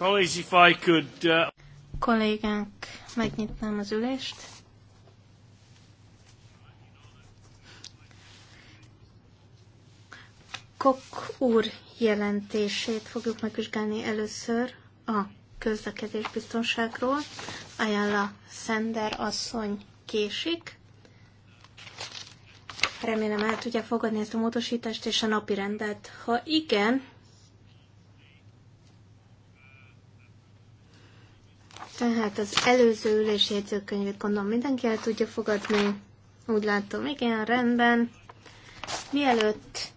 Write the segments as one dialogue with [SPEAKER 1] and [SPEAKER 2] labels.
[SPEAKER 1] Colleagues, if I could, uh... Kollégánk, megnyitnám az ülést. Kok úr jelentését fogjuk megvizsgálni először a közlekedés biztonságról. Ajánla Szender asszony késik. Remélem el tudja fogadni ezt a módosítást és a napi rendet. Ha igen, Tehát az előző ülés jegyzőkönyvét gondolom mindenki el tudja fogadni. Úgy látom, igen, rendben. Mielőtt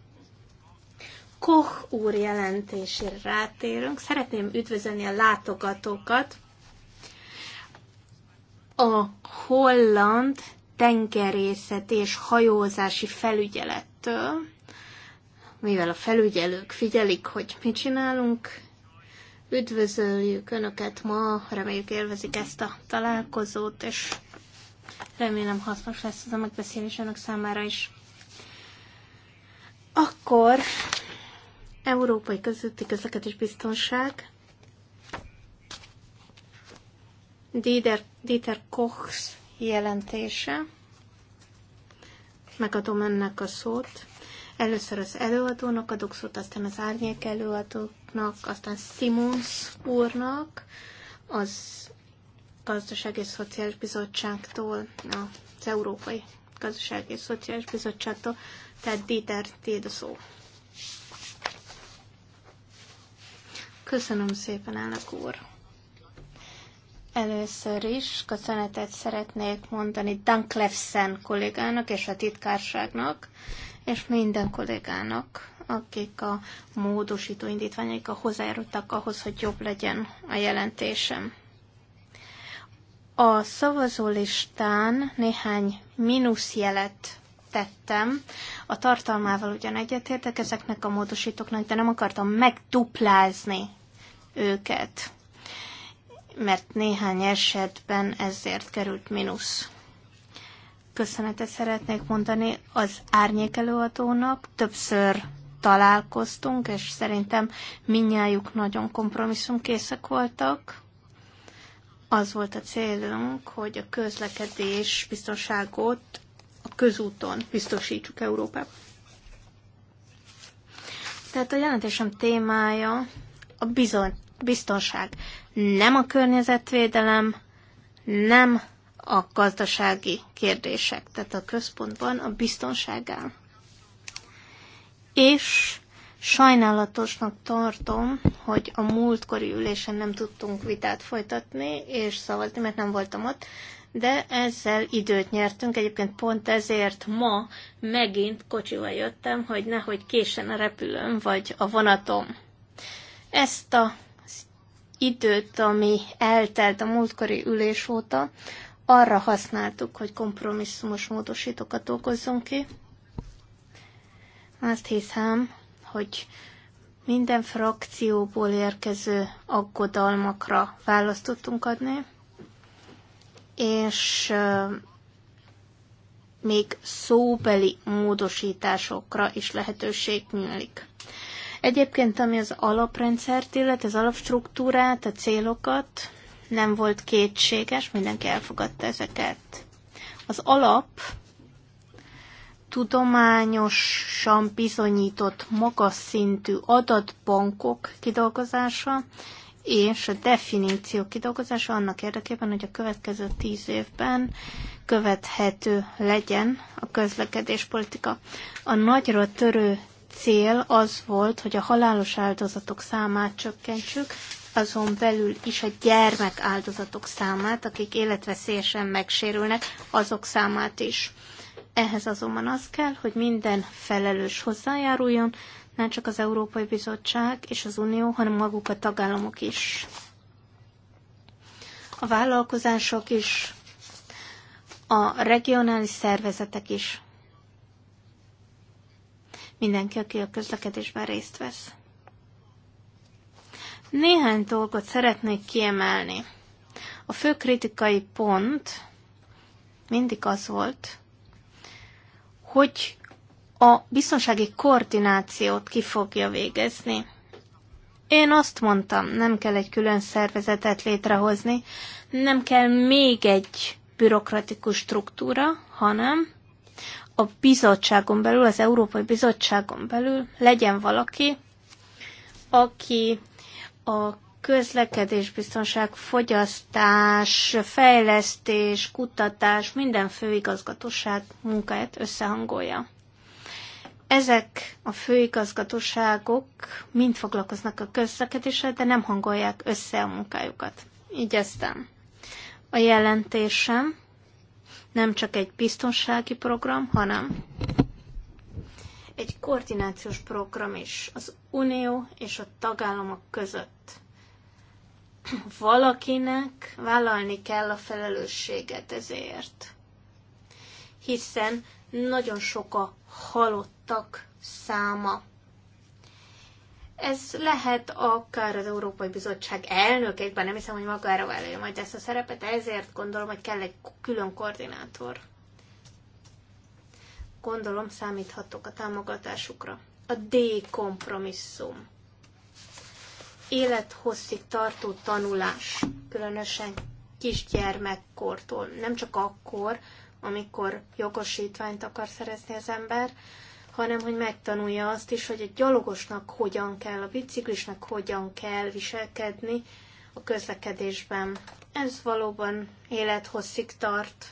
[SPEAKER 1] Koch úr jelentésére rátérünk, szeretném üdvözölni a látogatókat. A holland tengerészet és hajózási felügyelettől, mivel a felügyelők figyelik, hogy mit csinálunk, Üdvözöljük Önöket ma, reméljük élvezik ezt a találkozót, és remélem hasznos lesz az a megbeszélés Önök számára is. Akkor Európai Közötti Közlekedés Biztonság. Dieter, Dieter Koch jelentése. Megadom ennek a szót. Először az előadónak adok szót, aztán az árnyék előadók úrnak, aztán Simons úrnak, az Gazdasági és Szociális Bizottságtól, az Európai Gazdasági és Szociális Bizottságtól, tehát Dieter tiéd a szó. Köszönöm szépen, elnök úr! Először is köszönetet szeretnék mondani Dunklefsen kollégának és a titkárságnak, és minden kollégának, akik a módosító indítványaikkal hozzájárultak ahhoz, hogy jobb legyen a jelentésem. A szavazólistán néhány mínuszjelet tettem. A tartalmával ugyan egyetértek ezeknek a módosítóknak, de nem akartam megduplázni őket, mert néhány esetben ezért került mínusz. Köszönetet szeretnék mondani az árnyékelőadónak. Többször találkoztunk, és szerintem minnyájuk nagyon kompromisszumkészek voltak. Az volt a célunk, hogy a közlekedés biztonságot a közúton biztosítsuk Európában. Tehát a jelentésem témája a bizony, biztonság. Nem a környezetvédelem, nem a gazdasági kérdések. Tehát a központban a biztonság áll és sajnálatosnak tartom, hogy a múltkori ülésen nem tudtunk vitát folytatni és szavazni, mert nem voltam ott, de ezzel időt nyertünk. Egyébként pont ezért ma megint kocsival jöttem, hogy nehogy késen a repülőm vagy a vonatom. Ezt a időt, ami eltelt a múltkori ülés óta, arra használtuk, hogy kompromisszumos módosítókat okozzunk ki, azt hiszem, hogy minden frakcióból érkező aggodalmakra választ tudtunk adni, és még szóbeli módosításokra is lehetőség nyílik. Egyébként, ami az alaprendszert illet, az alapstruktúrát, a célokat, nem volt kétséges, mindenki elfogadta ezeket. Az alap tudományosan bizonyított magas szintű adatbankok kidolgozása és a definíció kidolgozása annak érdekében, hogy a következő tíz évben követhető legyen a közlekedéspolitika. A nagyra törő cél az volt, hogy a halálos áldozatok számát csökkentsük, azon belül is a gyermek áldozatok számát, akik életveszélyesen megsérülnek, azok számát is. Ehhez azonban az kell, hogy minden felelős hozzájáruljon, nem csak az Európai Bizottság és az Unió, hanem maguk a tagállamok is. A vállalkozások is, a regionális szervezetek is, mindenki, aki a közlekedésben részt vesz. Néhány dolgot szeretnék kiemelni. A fő kritikai pont mindig az volt, hogy a biztonsági koordinációt ki fogja végezni. Én azt mondtam, nem kell egy külön szervezetet létrehozni, nem kell még egy bürokratikus struktúra, hanem a bizottságon belül, az Európai Bizottságon belül legyen valaki, aki a közlekedés, biztonság, fogyasztás, fejlesztés, kutatás, minden főigazgatóság munkáját összehangolja. Ezek a főigazgatóságok mind foglalkoznak a közlekedéssel, de nem hangolják össze a munkájukat. Így aztán a jelentésem nem csak egy biztonsági program, hanem egy koordinációs program is az Unió és a tagállamok között valakinek vállalni kell a felelősséget ezért. Hiszen nagyon sok a halottak száma. Ez lehet akár az Európai Bizottság elnökét, bár nem hiszem, hogy magára vállalja majd ezt a szerepet, ezért gondolom, hogy kell egy külön koordinátor. Gondolom, számíthatok a támogatásukra. A D kompromisszum élethosszig tartó tanulás, különösen kisgyermekkortól, nem csak akkor, amikor jogosítványt akar szerezni az ember, hanem hogy megtanulja azt is, hogy egy gyalogosnak hogyan kell, a biciklisnek hogyan kell viselkedni a közlekedésben. Ez valóban élethosszig tart,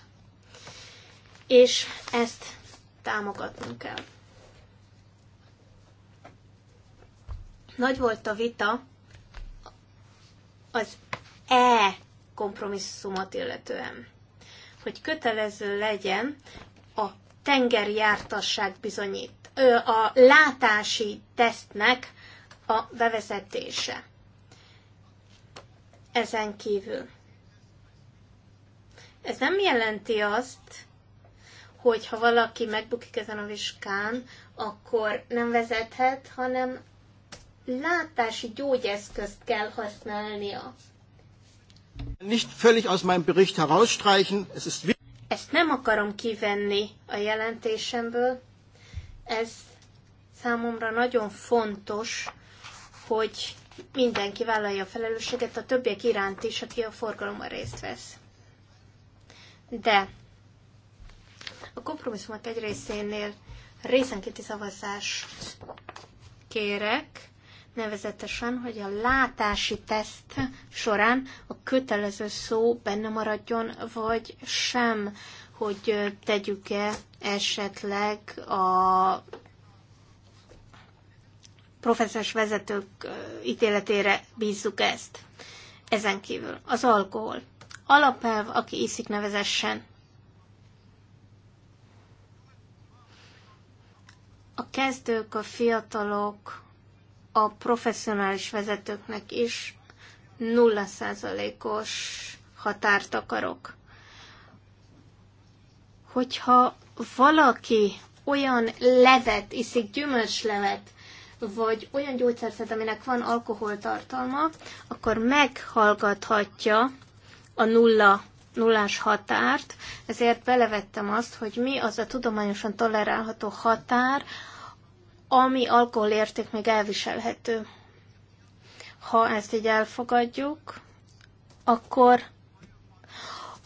[SPEAKER 1] és ezt támogatnunk kell. Nagy volt a vita az E kompromisszumot illetően, hogy kötelező legyen a tengerjártasság bizonyít, a látási tesztnek a bevezetése. Ezen kívül. Ez nem jelenti azt, hogy ha valaki megbukik ezen a vizsgán, akkor nem vezethet, hanem látási gyógyeszközt kell használnia.
[SPEAKER 2] Nicht völlig aus meinem Bericht herausstreichen, es ist
[SPEAKER 1] Ezt nem akarom kivenni a jelentésemből. Ez számomra nagyon fontos, hogy mindenki vállalja a felelősséget a többiek iránt is, aki a forgalomban részt vesz. De a kompromisszumok egy részénél részenkéti szavazást kérek, nevezetesen, hogy a látási teszt során a kötelező szó benne maradjon, vagy sem, hogy tegyük-e esetleg a professzors vezetők ítéletére bízzuk ezt. Ezen kívül az alkohol. Alapelv, aki iszik, nevezessen. A kezdők, a fiatalok, a professzionális vezetőknek is nulla százalékos határt akarok. Hogyha valaki olyan levet iszik, gyümölcslevet, vagy olyan gyógyszerszet, aminek van alkoholtartalma, akkor meghallgathatja a nulla, nullás határt, ezért belevettem azt, hogy mi az a tudományosan tolerálható határ, ami alkoholérték még elviselhető. Ha ezt így elfogadjuk, akkor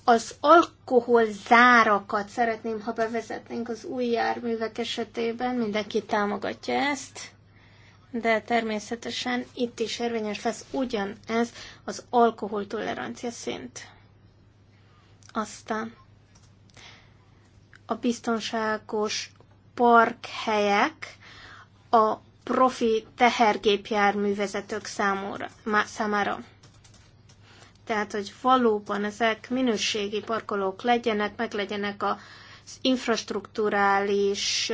[SPEAKER 1] az alkohol zárakat szeretném, ha bevezetnénk az új járművek esetében, mindenki támogatja ezt, de természetesen itt is érvényes lesz ugyanez az alkoholtolerancia szint. Aztán a biztonságos parkhelyek, a profi tehergépjárművezetők Má, számára. Tehát, hogy valóban ezek minőségi parkolók legyenek, meg legyenek az infrastruktúrális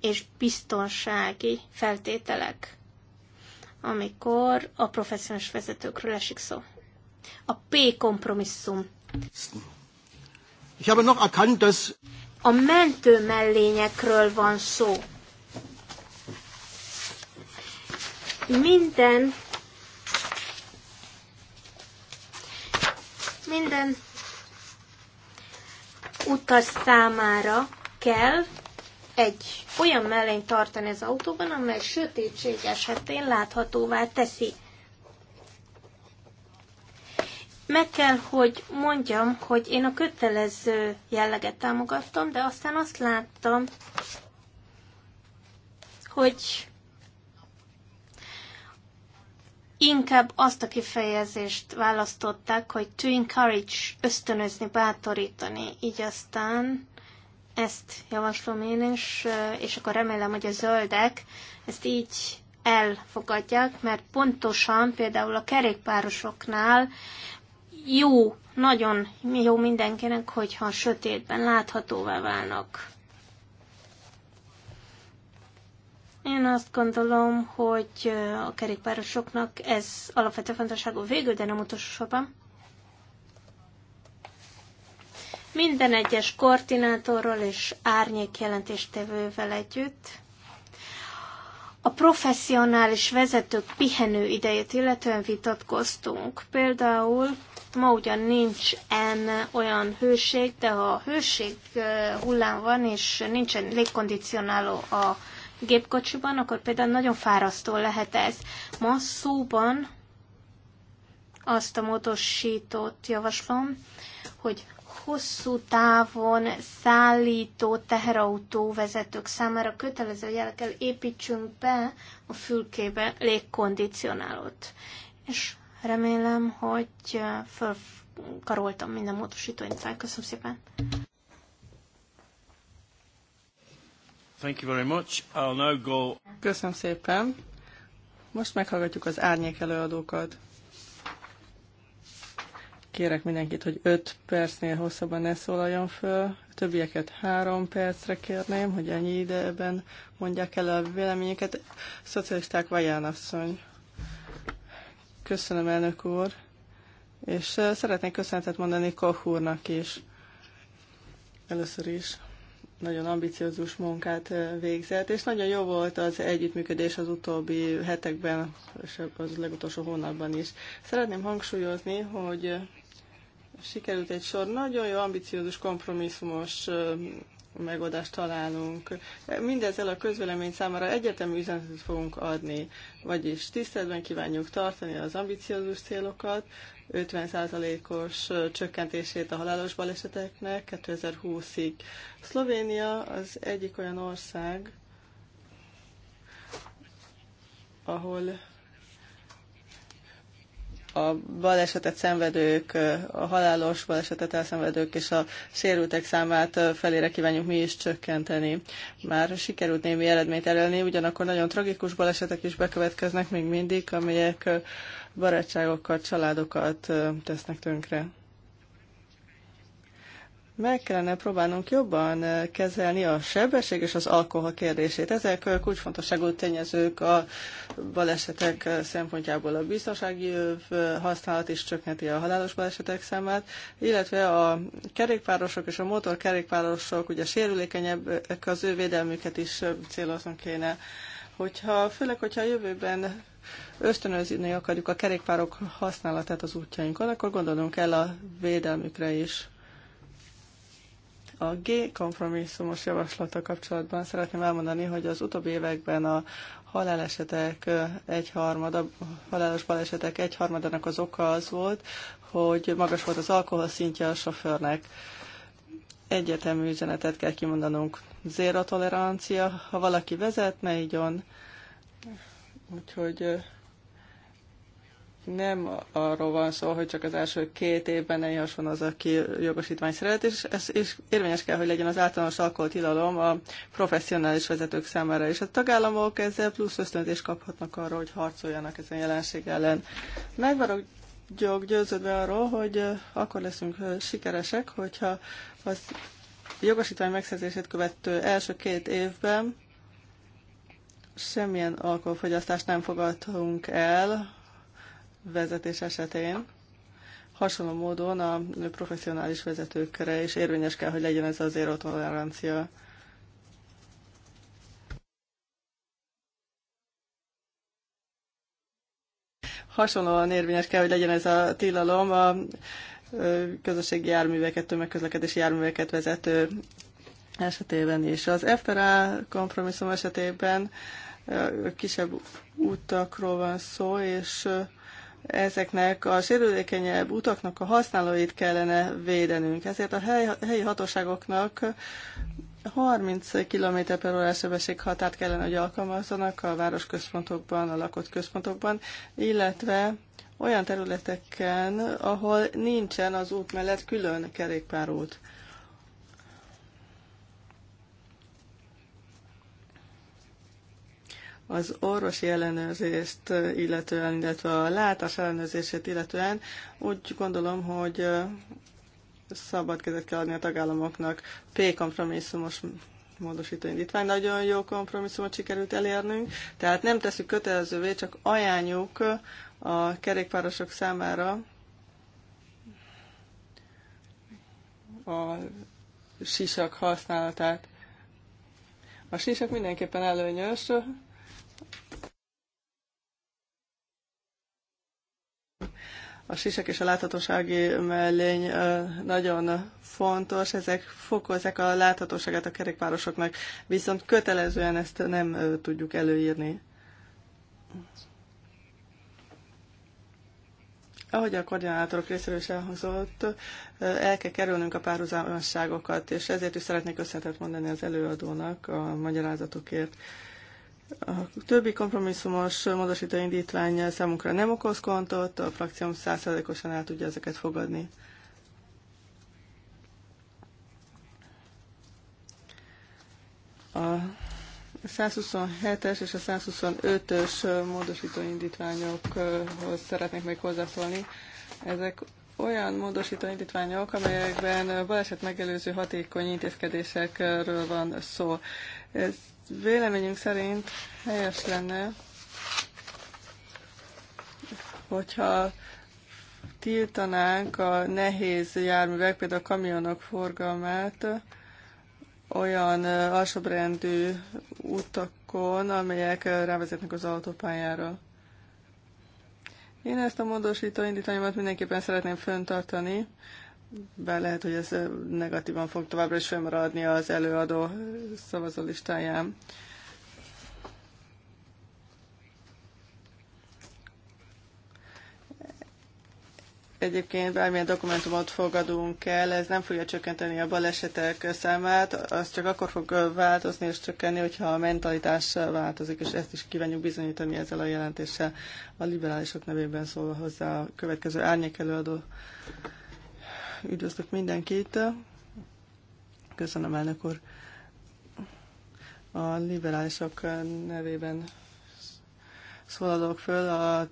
[SPEAKER 1] és biztonsági feltételek, amikor a professzionális vezetőkről esik szó. A P kompromisszum.
[SPEAKER 3] Ich habe noch erkannt, dass
[SPEAKER 1] a mentő mellényekről van szó. minden minden utas számára kell egy olyan mellényt tartani az autóban, amely sötétség esetén láthatóvá teszi. Meg kell, hogy mondjam, hogy én a kötelező jelleget támogattam, de aztán azt láttam, hogy inkább azt a kifejezést választották, hogy to encourage, ösztönözni, bátorítani. Így aztán ezt javaslom én is, eh, és akkor remélem, hogy a zöldek ezt így elfogadják, mert pontosan például a kerékpárosoknál jó, nagyon jó mindenkinek, hogyha sötétben láthatóvá válnak. Én azt gondolom, hogy a kerékpárosoknak ez alapvető fontosságú végül, de nem utolsó sorban. Minden egyes koordinátorról és árnyék jelentéstevővel együtt a professzionális vezetők pihenő idejét illetően vitatkoztunk. Például ma ugyan nincs en olyan hőség, de ha a hőség hullám van, és nincsen légkondicionáló a gépkocsiban, akkor például nagyon fárasztó lehet ez. Ma szóban azt a módosítót javaslom, hogy hosszú távon szállító teherautó vezetők számára kötelező jelekkel építsünk be a fülkébe légkondicionálót. És remélem, hogy fölkaroltam minden módosítóinkat. Köszönöm szépen! Thank you very much. I'll now go...
[SPEAKER 3] Köszönöm szépen. Most meghallgatjuk az árnyék előadókat. Kérek mindenkit, hogy 5 percnél hosszabban ne szólaljon föl. A többieket 3 percre kérném, hogy ennyi ideben mondják el a véleményeket. szocialisták Vaján asszony. Köszönöm, elnök úr. És szeretnék köszönetet mondani Koch úrnak is. Először is nagyon ambiciózus munkát végzett, és nagyon jó volt az együttműködés az utóbbi hetekben, és az legutolsó hónapban is. Szeretném hangsúlyozni, hogy sikerült egy sor nagyon jó ambiciózus, kompromisszumos megoldást találunk. Mindezzel a közvélemény számára egyetemű üzenetet fogunk adni, vagyis tiszteletben kívánjuk tartani az ambiciózus célokat, 50%-os csökkentését a halálos baleseteknek 2020-ig. Szlovénia az egyik olyan ország, ahol a balesetet szenvedők, a halálos balesetet elszenvedők és a sérültek számát felére kívánjuk mi is csökkenteni. Már sikerült némi eredményt elérni, ugyanakkor nagyon tragikus balesetek is bekövetkeznek még mindig, amelyek barátságokat, családokat tesznek tönkre. Meg kellene próbálnunk jobban kezelni a sebesség és az alkohol kérdését. Ezek kulcsfontosságú tényezők a balesetek szempontjából a biztonsági jöv használat is csökkenti a halálos balesetek számát, illetve a kerékpárosok és a motorkerékpárosok, ugye sérülékenyebbek az ő védelmüket is céloznunk kéne hogyha, főleg, hogyha a jövőben ösztönözni akarjuk a kerékpárok használatát az útjainkon, akkor gondolom, kell a védelmükre is. A G-kompromisszumos javaslata kapcsolatban szeretném elmondani, hogy az utóbbi években a halálesetek egyharmada, halálos balesetek egyharmadának az oka az volt, hogy magas volt az alkoholszintje a sofőrnek egyetemű üzenetet kell kimondanunk. Zéro tolerancia, ha valaki vezet, ne igyon. Úgyhogy nem arról van szó, hogy csak az első két évben ne van az, aki jogosítvány szeret, és, ez, is érvényes kell, hogy legyen az általános alkoholtilalom a professzionális vezetők számára, és a tagállamok ezzel plusz ösztönzést kaphatnak arra, hogy harcoljanak ezen jelenség ellen. Megvarog vagyok győződve arról, hogy akkor leszünk sikeresek, hogyha az jogosítvány megszerzését követő első két évben semmilyen alkoholfogyasztást nem fogadhatunk el vezetés esetén. Hasonló módon a professzionális vezetőkre is érvényes kell, hogy legyen ez az érotolerancia. tolerancia hasonlóan érvényes kell, hogy legyen ez a tilalom a közösségi járműveket, tömegközlekedési járműveket vezető esetében is. Az FRA kompromisszum esetében kisebb utakról van szó, és ezeknek a sérülékenyebb utaknak a használóit kellene védenünk. Ezért a helyi hatóságoknak 30 km per órás sebesség határt kellene, hogy alkalmazzanak a városközpontokban, a lakott központokban, illetve olyan területeken, ahol nincsen az út mellett külön kerékpárút. az orvosi ellenőrzést illetően, illetve a látás ellenőrzését illetően úgy gondolom, hogy szabad kezet kell adni a tagállamoknak. P kompromisszumos módosító indítvány. Nagyon jó kompromisszumot sikerült elérnünk, tehát nem teszük kötelezővé, csak ajánljuk a kerékpárosok számára a sisak használatát. A sisak mindenképpen előnyös, A sisek és a láthatósági mellény nagyon fontos, ezek fokozzák a láthatóságát a kerékpárosoknak, viszont kötelezően ezt nem tudjuk előírni. ahogy a koordinátorok részéről is elhangzott, el kell kerülnünk a párhuzamosságokat, és ezért is szeretnék összetett mondani az előadónak a magyarázatokért. A többi kompromisszumos módosító indítvány számunkra nem okoz kontot, a frakcióm osan el tudja ezeket fogadni. A 127-es és a 125-ös módosító indítványokhoz szeretnék még hozzászólni. Ezek olyan módosító indítványok, amelyekben baleset megelőző hatékony intézkedésekről van szó. Ez Véleményünk szerint helyes lenne, hogyha tiltanánk a nehéz járművek, például a kamionok forgalmát olyan alsóbrendű utakon, amelyek rávezetnek az autópályára. Én ezt a módosító indítványomat mindenképpen szeretném föntartani, bár lehet, hogy ez negatívan fog továbbra is fennmaradni az előadó szavazólistáján. Egyébként bármilyen dokumentumot fogadunk el, ez nem fogja csökkenteni a balesetek számát, az csak akkor fog változni és csökkenni, hogyha a mentalitás változik, és ezt is kívánjuk bizonyítani ezzel a jelentéssel. A liberálisok nevében szól hozzá a következő árnyék előadó. Üdvözlök mindenkit. Köszönöm, elnök úr. A liberálisok nevében szólalok föl. A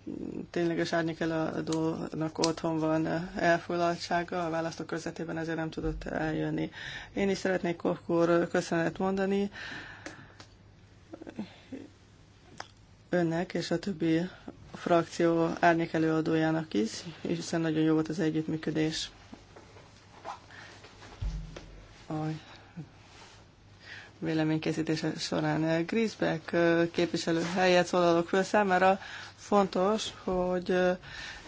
[SPEAKER 3] tényleges árnyék eladónak otthon van elfoglaltsága, a választók közvetében ezért nem tudott eljönni. Én is szeretnék akkor köszönet mondani önnek és a többi frakció árnyék előadójának is, hiszen nagyon jó volt az együttműködés a véleménykészítése során. Grisbeck képviselő helyet szólalok föl számára. Fontos, hogy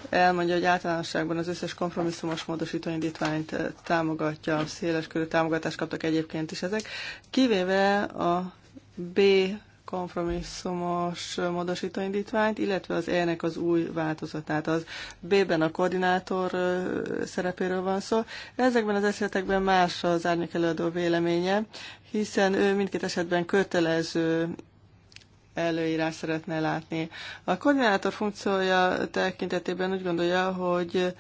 [SPEAKER 3] elmondja, hogy általánosságban az összes kompromisszumos módosítóindítványt támogatja, széles körű támogatást kaptak egyébként is ezek, kivéve a B kompromisszumos módosítóindítványt, illetve az E-nek az új változatát. Az B-ben a koordinátor szerepéről van szó. Ezekben az esetekben más az árnyék előadó véleménye, hiszen ő mindkét esetben kötelező előírás szeretne látni. A koordinátor funkciója tekintetében úgy gondolja, hogy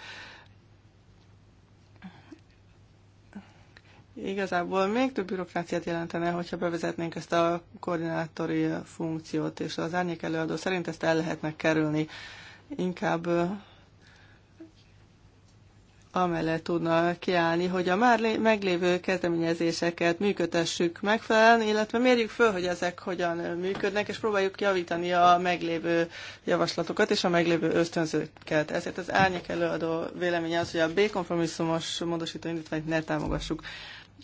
[SPEAKER 3] Igazából még több bürokráciát jelentene, hogyha bevezetnénk ezt a koordinátori funkciót, és az árnyék előadó szerint ezt el lehetne kerülni. Inkább amellett tudna kiállni, hogy a már meglévő kezdeményezéseket működtessük megfelelően, illetve mérjük föl, hogy ezek hogyan működnek, és próbáljuk javítani a meglévő javaslatokat és a meglévő ösztönzőket. Ezért az árnyék előadó véleménye az, hogy a B kompromisszumos módosító indítványt ne támogassuk.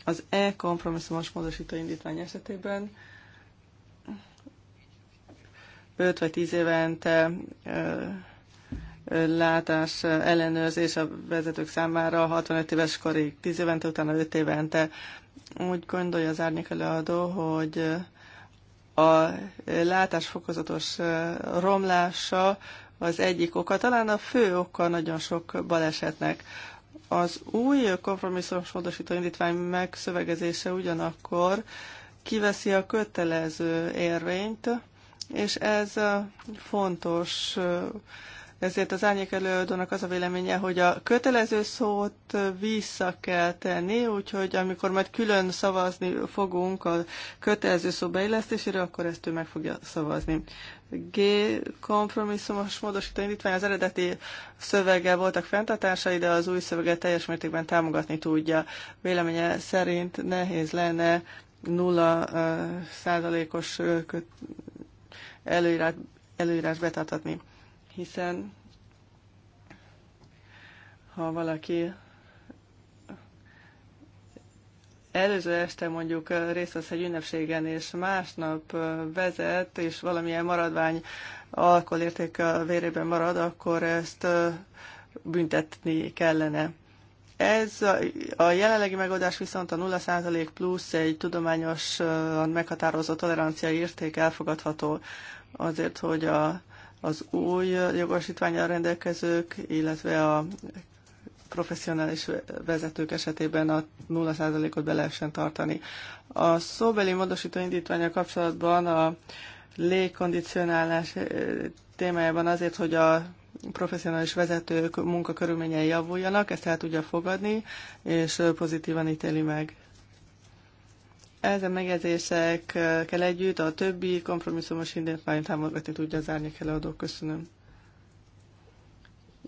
[SPEAKER 3] Az E kompromisszumos módosító indítvány esetében 5 vagy 10 évente látás ellenőrzés a vezetők számára 65 éves korig, 10 évente, utána 5 évente. Úgy gondolja az árnyék előadó, hogy a látás fokozatos romlása az egyik oka, talán a fő oka nagyon sok balesetnek. Az új kompromisszumos módosító indítvány megszövegezése ugyanakkor kiveszi a kötelező érvényt, és ez fontos. Ezért az árnyék előadónak az a véleménye, hogy a kötelező szót vissza kell tenni, úgyhogy amikor majd külön szavazni fogunk a kötelező szó beillesztésére, akkor ezt ő meg fogja szavazni. G kompromisszumos módosító indítvány az eredeti szöveggel voltak fenntartásai, de az új szöveget teljes mértékben támogatni tudja. Véleménye szerint nehéz lenne nulla százalékos előírás, előírás betartatni, hiszen ha valaki előző este mondjuk részt vesz egy ünnepségen, és másnap vezet, és valamilyen maradvány alkoholérték a vérében marad, akkor ezt büntetni kellene. Ez a jelenlegi megoldás viszont a 0% plusz egy tudományosan meghatározott tolerancia érték elfogadható azért, hogy a, az új jogosítványra rendelkezők, illetve a professzionális vezetők esetében a 0%-ot be lehessen tartani. A szóbeli módosító indítványa kapcsolatban a légkondicionálás eh, témájában azért, hogy a professzionális vezetők munkakörülményei javuljanak, ezt el tudja fogadni, és pozitívan ítéli meg. Ezen megjegyzésekkel együtt a többi kompromisszumos indítványt támogatni tudja az árnyék előadó. Köszönöm.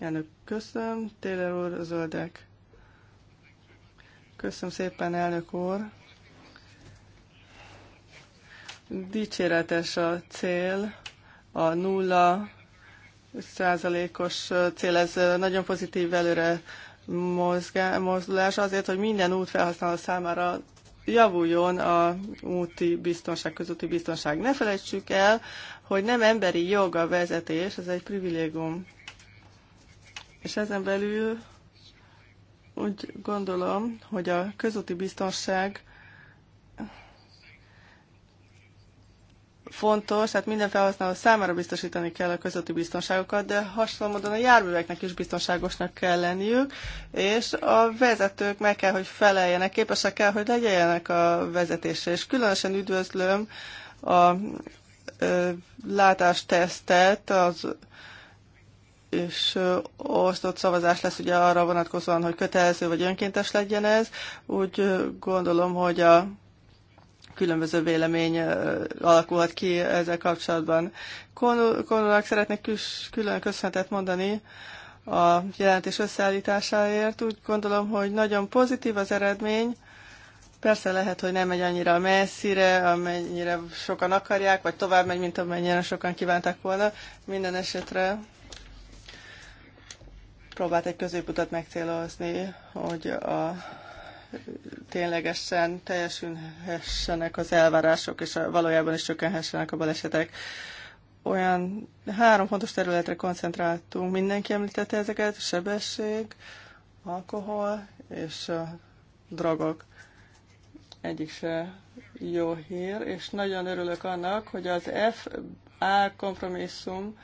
[SPEAKER 3] Elnök, köszönöm. Taylor úr, a zöldek. Köszönöm szépen, elnök úr. Dicséretes a cél, a nulla százalékos cél, ez nagyon pozitív előre mozgá, mozdulás azért, hogy minden út felhasználó számára javuljon a úti biztonság, közúti biztonság. Ne felejtsük el, hogy nem emberi jog a vezetés, ez egy privilégium. És ezen belül úgy gondolom, hogy a közúti biztonság fontos, tehát minden felhasználó számára biztosítani kell a közötti biztonságokat, de hasonló módon a járműveknek is biztonságosnak kell lenniük, és a vezetők meg kell, hogy feleljenek, képesek kell, hogy legyenek a vezetésre. És különösen üdvözlöm a látástesztet, az és osztott szavazás lesz ugye arra vonatkozóan, hogy kötelező vagy önkéntes legyen ez. Úgy gondolom, hogy a különböző vélemény alakulhat ki ezzel kapcsolatban. Konulnak szeretnék külön köszönetet mondani a jelentés összeállításáért. Úgy gondolom, hogy nagyon pozitív az eredmény. Persze lehet, hogy nem megy annyira messzire, amennyire sokan akarják, vagy tovább megy, mint amennyire sokan kívántak volna. Minden esetre próbált egy középutat megcélozni, hogy a ténylegesen teljesülhessenek az elvárások, és a, valójában is csökkenhessenek a balesetek. Olyan három fontos területre koncentráltunk, mindenki említette ezeket, sebesség, alkohol és a drogok. Egyik se jó hír, és nagyon örülök annak, hogy az F A kompromisszum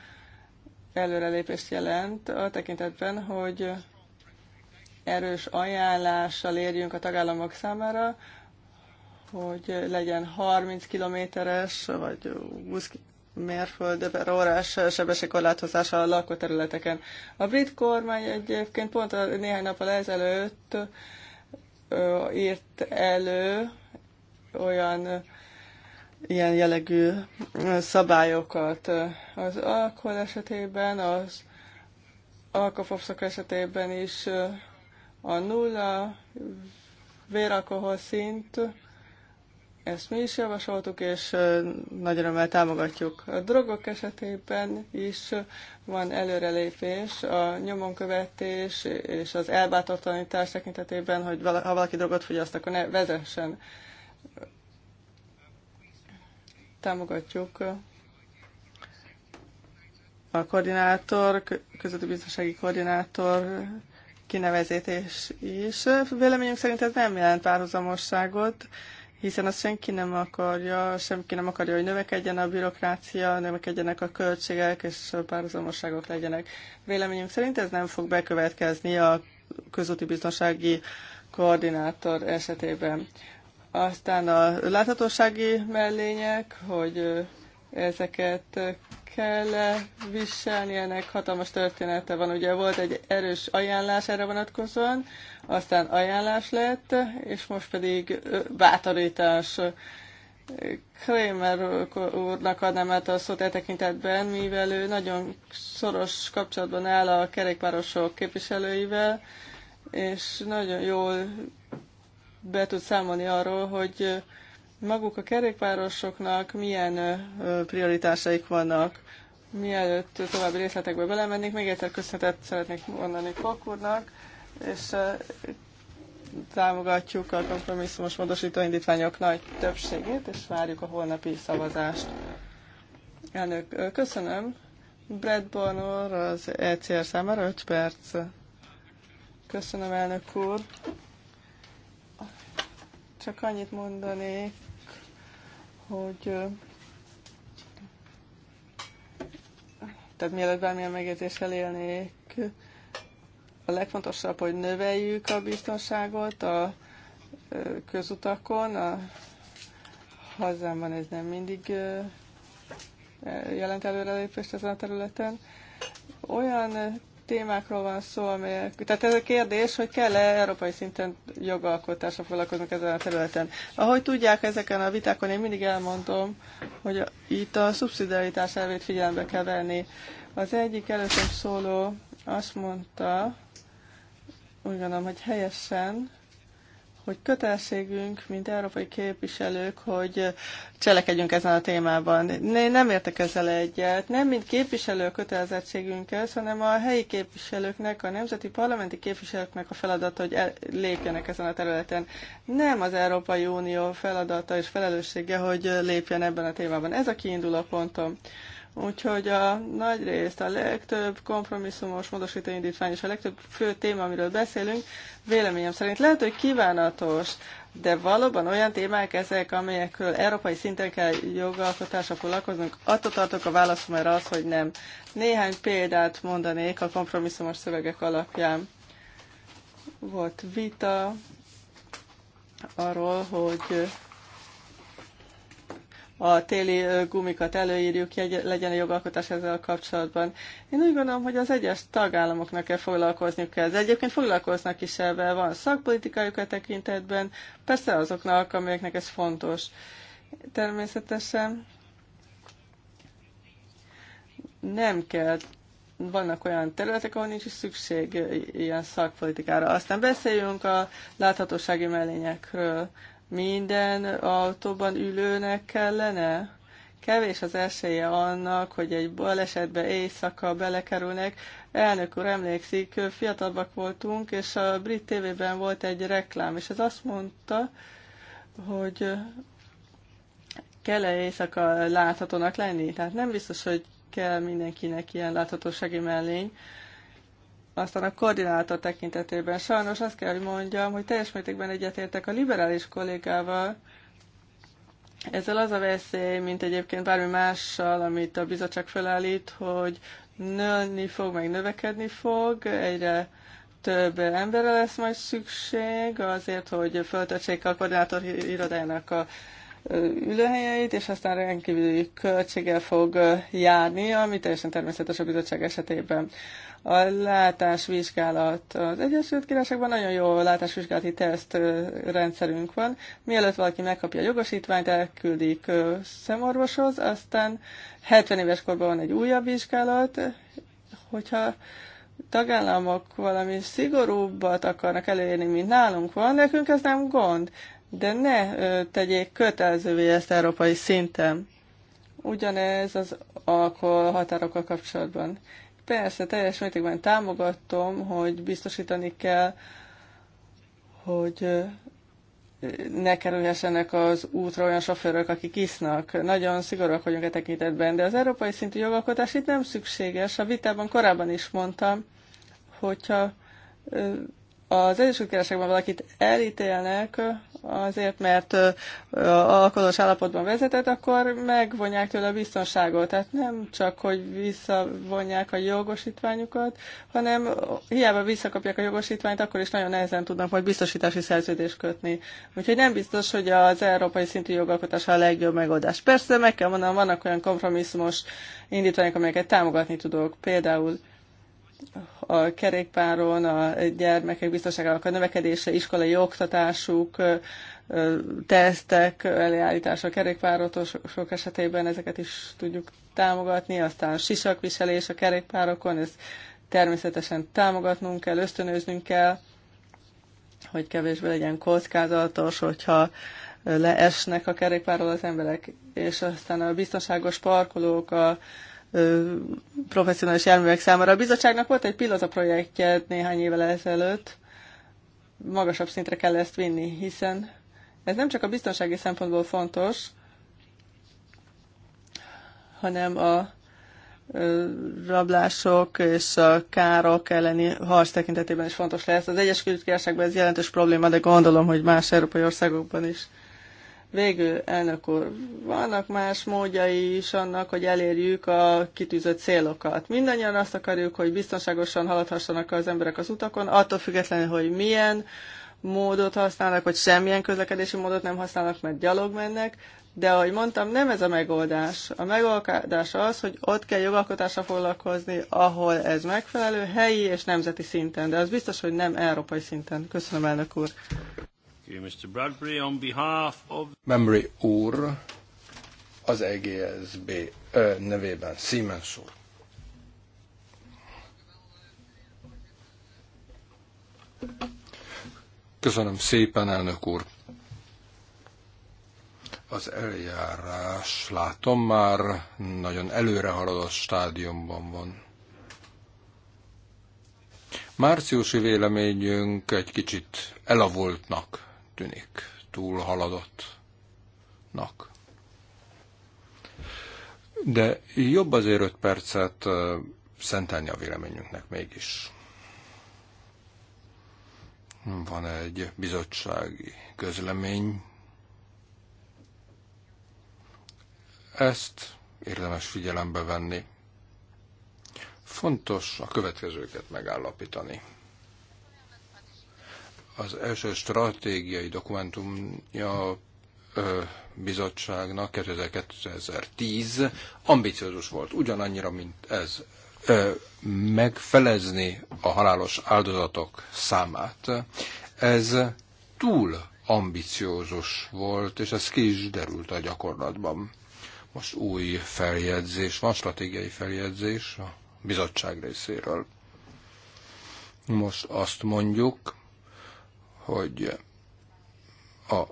[SPEAKER 3] előrelépést jelent a tekintetben, hogy erős ajánlással érjünk a tagállamok számára, hogy legyen 30 kilométeres vagy 20 mérföld per órás sebességkorlátozása a lakóterületeken. A brit kormány egyébként pont a, néhány nappal ezelőtt ö, írt elő olyan ilyen jellegű szabályokat. Az alkohol esetében, az alkafobszok esetében is a nulla véralkohol szint, ezt mi is javasoltuk, és nagy örömmel támogatjuk. A drogok esetében is van előrelépés, a nyomonkövetés és az elbátortalanítás tekintetében, hogy ha valaki drogot fogyaszt, akkor ne vezessen támogatjuk a koordinátor, közötti biztonsági koordinátor kinevezítés is. Véleményünk szerint ez nem jelent párhuzamosságot, hiszen azt senki nem akarja, senki nem akarja, hogy növekedjen a bürokrácia, növekedjenek a költségek, és párhuzamosságok legyenek. Véleményünk szerint ez nem fog bekövetkezni a közúti biztonsági koordinátor esetében. Aztán a láthatósági mellények, hogy ezeket kell -e viselni, ennek hatalmas története van. Ugye volt egy erős ajánlás erre vonatkozóan, aztán ajánlás lett, és most pedig bátorítás. Kramer úrnak adnám át a szót e tekintetben, mivel ő nagyon szoros kapcsolatban áll a kerékpárosok képviselőivel, és nagyon jól be tud számolni arról, hogy maguk a kerékpárosoknak milyen prioritásaik vannak. Mielőtt további részletekbe belemennék, még egyszer köszönetet szeretnék mondani úrnak, és támogatjuk a kompromisszumos módosító indítványok nagy többségét, és várjuk a holnapi szavazást. Elnök, köszönöm. Brad Bonor az ECR számára 5 perc. Köszönöm, elnök úr. Csak annyit mondanék, hogy tehát mielőtt bármilyen megjegyzéssel élnék, a legfontosabb, hogy növeljük a biztonságot a közutakon. A hazámban ez nem mindig jelent előrelépést ezen a területen. Olyan témákról van szó, amelyek... Tehát ez a kérdés, hogy kell-e európai szinten jogalkotásra foglalkoznak ezen a területen. Ahogy tudják, ezeken a vitákon én mindig elmondom, hogy itt a szubszidiaritás elvét figyelembe kell venni. Az egyik előttem szóló azt mondta, úgy gondolom, hogy helyesen, hogy kötelességünk, mint európai képviselők, hogy cselekedjünk ezen a témában. Én nem értek ezzel egyet. Nem mint képviselő a kötelezettségünk ez, hanem a helyi képviselőknek, a nemzeti parlamenti képviselőknek a feladata, hogy lépjenek ezen a területen. Nem az Európai Unió feladata és felelőssége, hogy lépjen ebben a témában. Ez a kiinduló pontom. Úgyhogy a nagy részt, a legtöbb kompromisszumos módosító indítvány és a legtöbb fő téma, amiről beszélünk, véleményem szerint lehet, hogy kívánatos, de valóban olyan témák ezek, amelyekről európai szinten kell jogalkotásra foglalkoznunk. Attól tartok a válaszom erre az, hogy nem. Néhány példát mondanék a kompromisszumos szövegek alapján. Volt vita arról, hogy a téli gumikat előírjuk, hogy legyen a jogalkotás ezzel a kapcsolatban. Én úgy gondolom, hogy az egyes tagállamoknak kell foglalkozniuk ezzel. Egyébként foglalkoznak is ebben, van szakpolitikájuk a tekintetben, persze azoknak, amelyeknek ez fontos. Természetesen nem kell vannak olyan területek, ahol nincs is szükség ilyen szakpolitikára. Aztán beszéljünk a láthatósági mellényekről. Minden autóban ülőnek kellene? Kevés az esélye annak, hogy egy balesetbe éjszaka belekerülnek. Elnök úr emlékszik, fiatalabbak voltunk, és a brit tévében volt egy reklám, és ez azt mondta, hogy kell -e éjszaka láthatónak lenni? Tehát nem biztos, hogy kell mindenkinek ilyen láthatósági mellény. Aztán a koordinátor tekintetében sajnos azt kell, hogy mondjam, hogy teljes mértékben egyetértek a liberális kollégával, ezzel az a veszély, mint egyébként bármi mással, amit a bizottság felállít, hogy nőni fog, meg növekedni fog, egyre több emberre lesz majd szükség azért, hogy föltöltsék a koordinátor irodájának a ülőhelyeit, és aztán rendkívüli költséggel fog járni, ami teljesen természetes a bizottság esetében. A látásvizsgálat. Az Egyesült Királyságban nagyon jó látásvizsgálati teszt rendszerünk van. Mielőtt valaki megkapja a jogosítványt, elküldik szemorvoshoz, aztán 70 éves korban van egy újabb vizsgálat, hogyha tagállamok valami szigorúbbat akarnak elérni, mint nálunk van, nekünk ez nem gond, de ne tegyék kötelezővé ezt európai szinten. Ugyanez az alkoholhatárokkal kapcsolatban. Persze, teljes mértékben támogatom, hogy biztosítani kell, hogy ne kerülhessenek az útra olyan sofőrök, akik isznak. Nagyon szigorúak vagyunk e tekintetben, de az európai szintű jogalkotás itt nem szükséges. A vitában korábban is mondtam, hogyha az Egyesült Királyságban valakit elítélnek azért, mert alkoholos állapotban vezetett, akkor megvonják tőle a biztonságot. Tehát nem csak, hogy visszavonják a jogosítványukat, hanem hiába visszakapják a jogosítványt, akkor is nagyon nehezen tudnak majd biztosítási szerződést kötni. Úgyhogy nem biztos, hogy az európai szintű jogalkotás a legjobb megoldás. Persze meg kell mondanom, vannak olyan kompromisszumos indítványok, amelyeket támogatni tudok. Például a kerékpáron, a gyermekek biztonságának a növekedése, iskolai oktatásuk, tesztek eljárítása a sok esetében, ezeket is tudjuk támogatni, aztán a sisakviselés a kerékpárokon, ezt természetesen támogatnunk kell, ösztönöznünk kell, hogy kevésbé legyen kockázatos, hogyha leesnek a kerékpárról az emberek, és aztán a biztonságos parkolók, a professzionális járművek számára. A bizottságnak volt egy pilota projektje néhány évvel ezelőtt, magasabb szintre kell ezt vinni, hiszen ez nem csak a biztonsági szempontból fontos, hanem a rablások és a károk elleni harc tekintetében is fontos lesz. Az Egyesült Királyságban ez jelentős probléma, de gondolom, hogy más európai országokban is. Végül, elnök úr, vannak más módjai is annak, hogy elérjük a kitűzött célokat. Mindannyian azt akarjuk, hogy biztonságosan haladhassanak az emberek az utakon, attól függetlenül, hogy milyen módot használnak, vagy semmilyen közlekedési módot nem használnak, mert gyalog mennek, de ahogy mondtam, nem ez a megoldás. A megoldás az, hogy ott kell jogalkotásra foglalkozni, ahol ez megfelelő, helyi és nemzeti szinten, de az biztos, hogy nem európai szinten. Köszönöm, elnök úr
[SPEAKER 1] you,
[SPEAKER 2] úr, az EGSB ö, nevében, Siemens úr. Köszönöm szépen, elnök úr. Az eljárás, látom, már nagyon előrehaladott stádiumban van. Márciusi véleményünk egy kicsit elavultnak tűnik túl haladottnak. De jobb azért öt percet szentelni a véleményünknek mégis. Van egy bizottsági közlemény. Ezt érdemes figyelembe venni. Fontos a következőket megállapítani. Az első stratégiai dokumentumja a bizottságnak 2010 ambiciózus volt, ugyanannyira, mint ez. Megfelezni a halálos áldozatok számát, ez túl ambiciózus volt, és ez ki is derült a gyakorlatban. Most új feljegyzés, van stratégiai feljegyzés a bizottság részéről. Most azt mondjuk, hogy a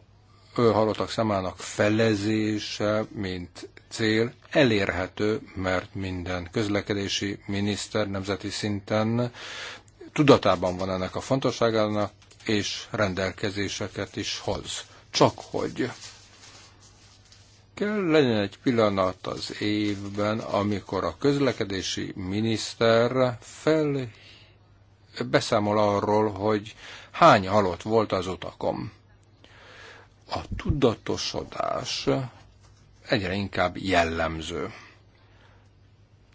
[SPEAKER 2] halottak számának felezése, mint cél elérhető, mert minden közlekedési miniszter nemzeti szinten tudatában van ennek a fontosságának, és rendelkezéseket is hoz. Csak hogy kell legyen egy pillanat az évben, amikor a közlekedési miniszter felhívja, beszámol arról, hogy hány halott volt az utakon. A tudatosodás egyre inkább jellemző.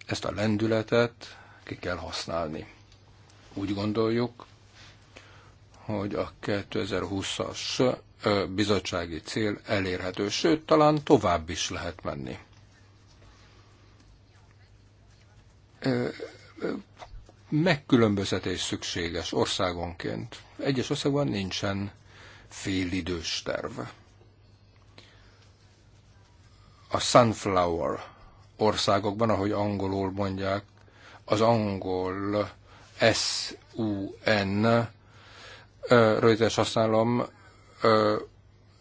[SPEAKER 2] Ezt a lendületet ki kell használni. Úgy gondoljuk, hogy a 2020-as bizottsági cél elérhető, sőt, talán tovább is lehet menni megkülönböztetés szükséges országonként. Egyes országban nincsen félidős terv. A sunflower országokban, ahogy angolul mondják, az angol S-U-N rövidítés használom,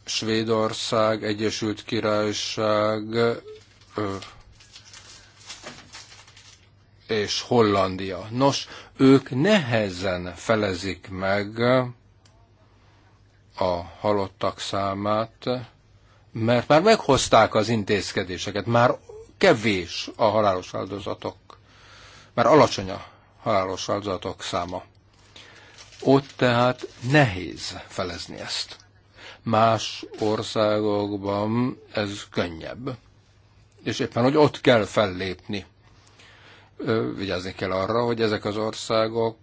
[SPEAKER 2] Svédország, Egyesült Királyság, és Hollandia. Nos, ők nehezen felezik meg a halottak számát, mert már meghozták az intézkedéseket, már kevés a halálos áldozatok, már alacsony a halálos áldozatok száma. Ott tehát nehéz felezni ezt. Más országokban ez könnyebb. És éppen, hogy ott kell fellépni vigyázni kell arra, hogy ezek az országok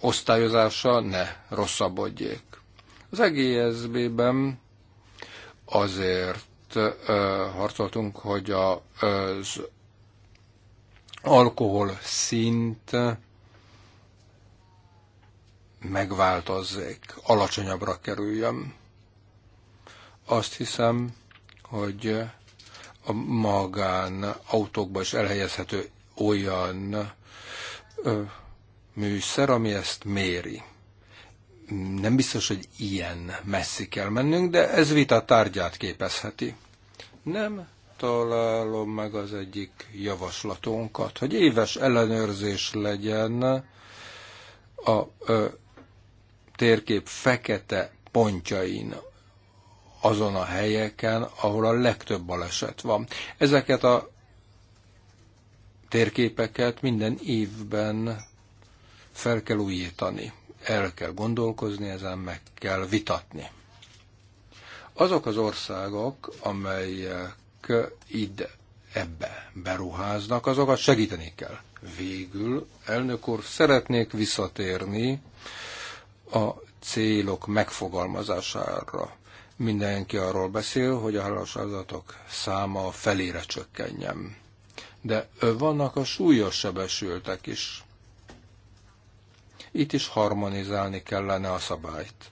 [SPEAKER 2] osztályozása ne rosszabbodjék. Az EGSB-ben azért harcoltunk, hogy az alkohol szint megváltozzék, alacsonyabbra kerüljön. Azt hiszem, hogy a magán autókba is elhelyezhető olyan ö, műszer, ami ezt méri. Nem biztos, hogy ilyen messzi kell mennünk, de ez vita tárgyát képezheti. Nem találom meg az egyik javaslatunkat, hogy éves ellenőrzés legyen a ö, térkép fekete pontjain azon a helyeken, ahol a legtöbb baleset van. Ezeket a térképeket minden évben fel kell újítani, el kell gondolkozni, ezen meg kell vitatni. Azok az országok, amelyek ide ebbe beruháznak, azokat segíteni kell. Végül, elnök úr, szeretnék visszatérni a célok megfogalmazására. Mindenki arról beszél, hogy a halálos áldozatok száma felére csökkenjen. De vannak a súlyos sebesültek is. Itt is harmonizálni kellene a szabályt.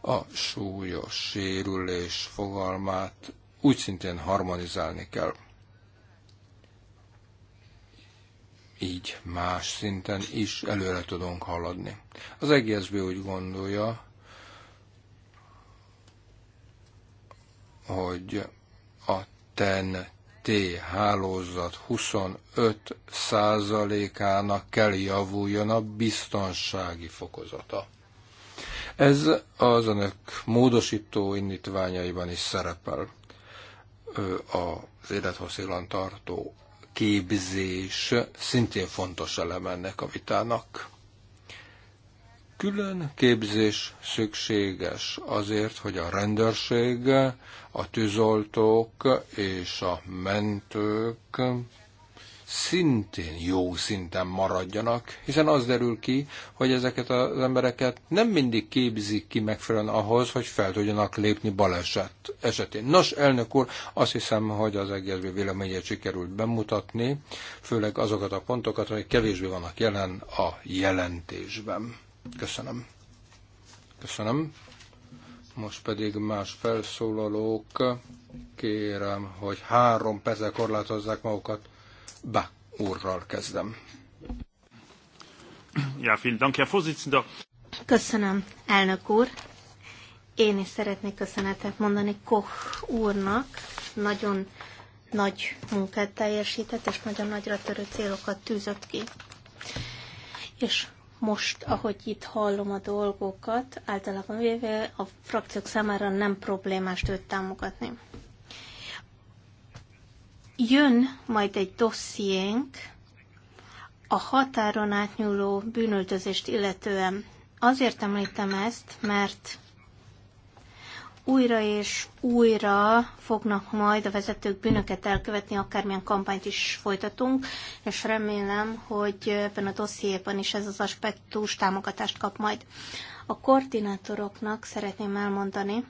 [SPEAKER 2] A súlyos sérülés fogalmát úgy szintén harmonizálni kell. így más szinten is előre tudunk haladni. Az egészbe úgy gondolja, hogy a TEN-T hálózat 25 százalékának kell javuljon a biztonsági fokozata. Ez az önök módosító indítványaiban is szerepel. Az élethosszillan tartó képzés szintén fontos eleme ennek a vitának. Külön képzés szükséges azért, hogy a rendőrség, a tűzoltók és a mentők szintén jó szinten maradjanak, hiszen az derül ki, hogy ezeket az embereket nem mindig képzik ki megfelelően ahhoz, hogy fel tudjanak lépni baleset esetén. Nos, elnök úr, azt hiszem, hogy az egész véleményét sikerült bemutatni, főleg azokat a pontokat, amik kevésbé vannak jelen a jelentésben. Köszönöm. Köszönöm. Most pedig más felszólalók, kérem, hogy három perccel korlátozzák magukat. Bá, úrral kezdem. Ja, vielen Dank,
[SPEAKER 1] Herr Vorsitzender. Köszönöm, elnök úr. Én is szeretnék köszönetet mondani Koch úrnak. Nagyon nagy munkát teljesített, és nagyon nagyra törő célokat tűzött ki. És most, ahogy itt hallom a dolgokat, általában véve a frakciók számára nem problémás őt támogatni. Jön majd egy dossziénk a határon átnyúló bűnöltözést illetően. Azért említem ezt, mert újra és újra fognak majd a vezetők bűnöket elkövetni, akármilyen kampányt is folytatunk, és remélem, hogy ebben a dossziéban is ez az aspektus támogatást kap majd. A koordinátoroknak szeretném elmondani,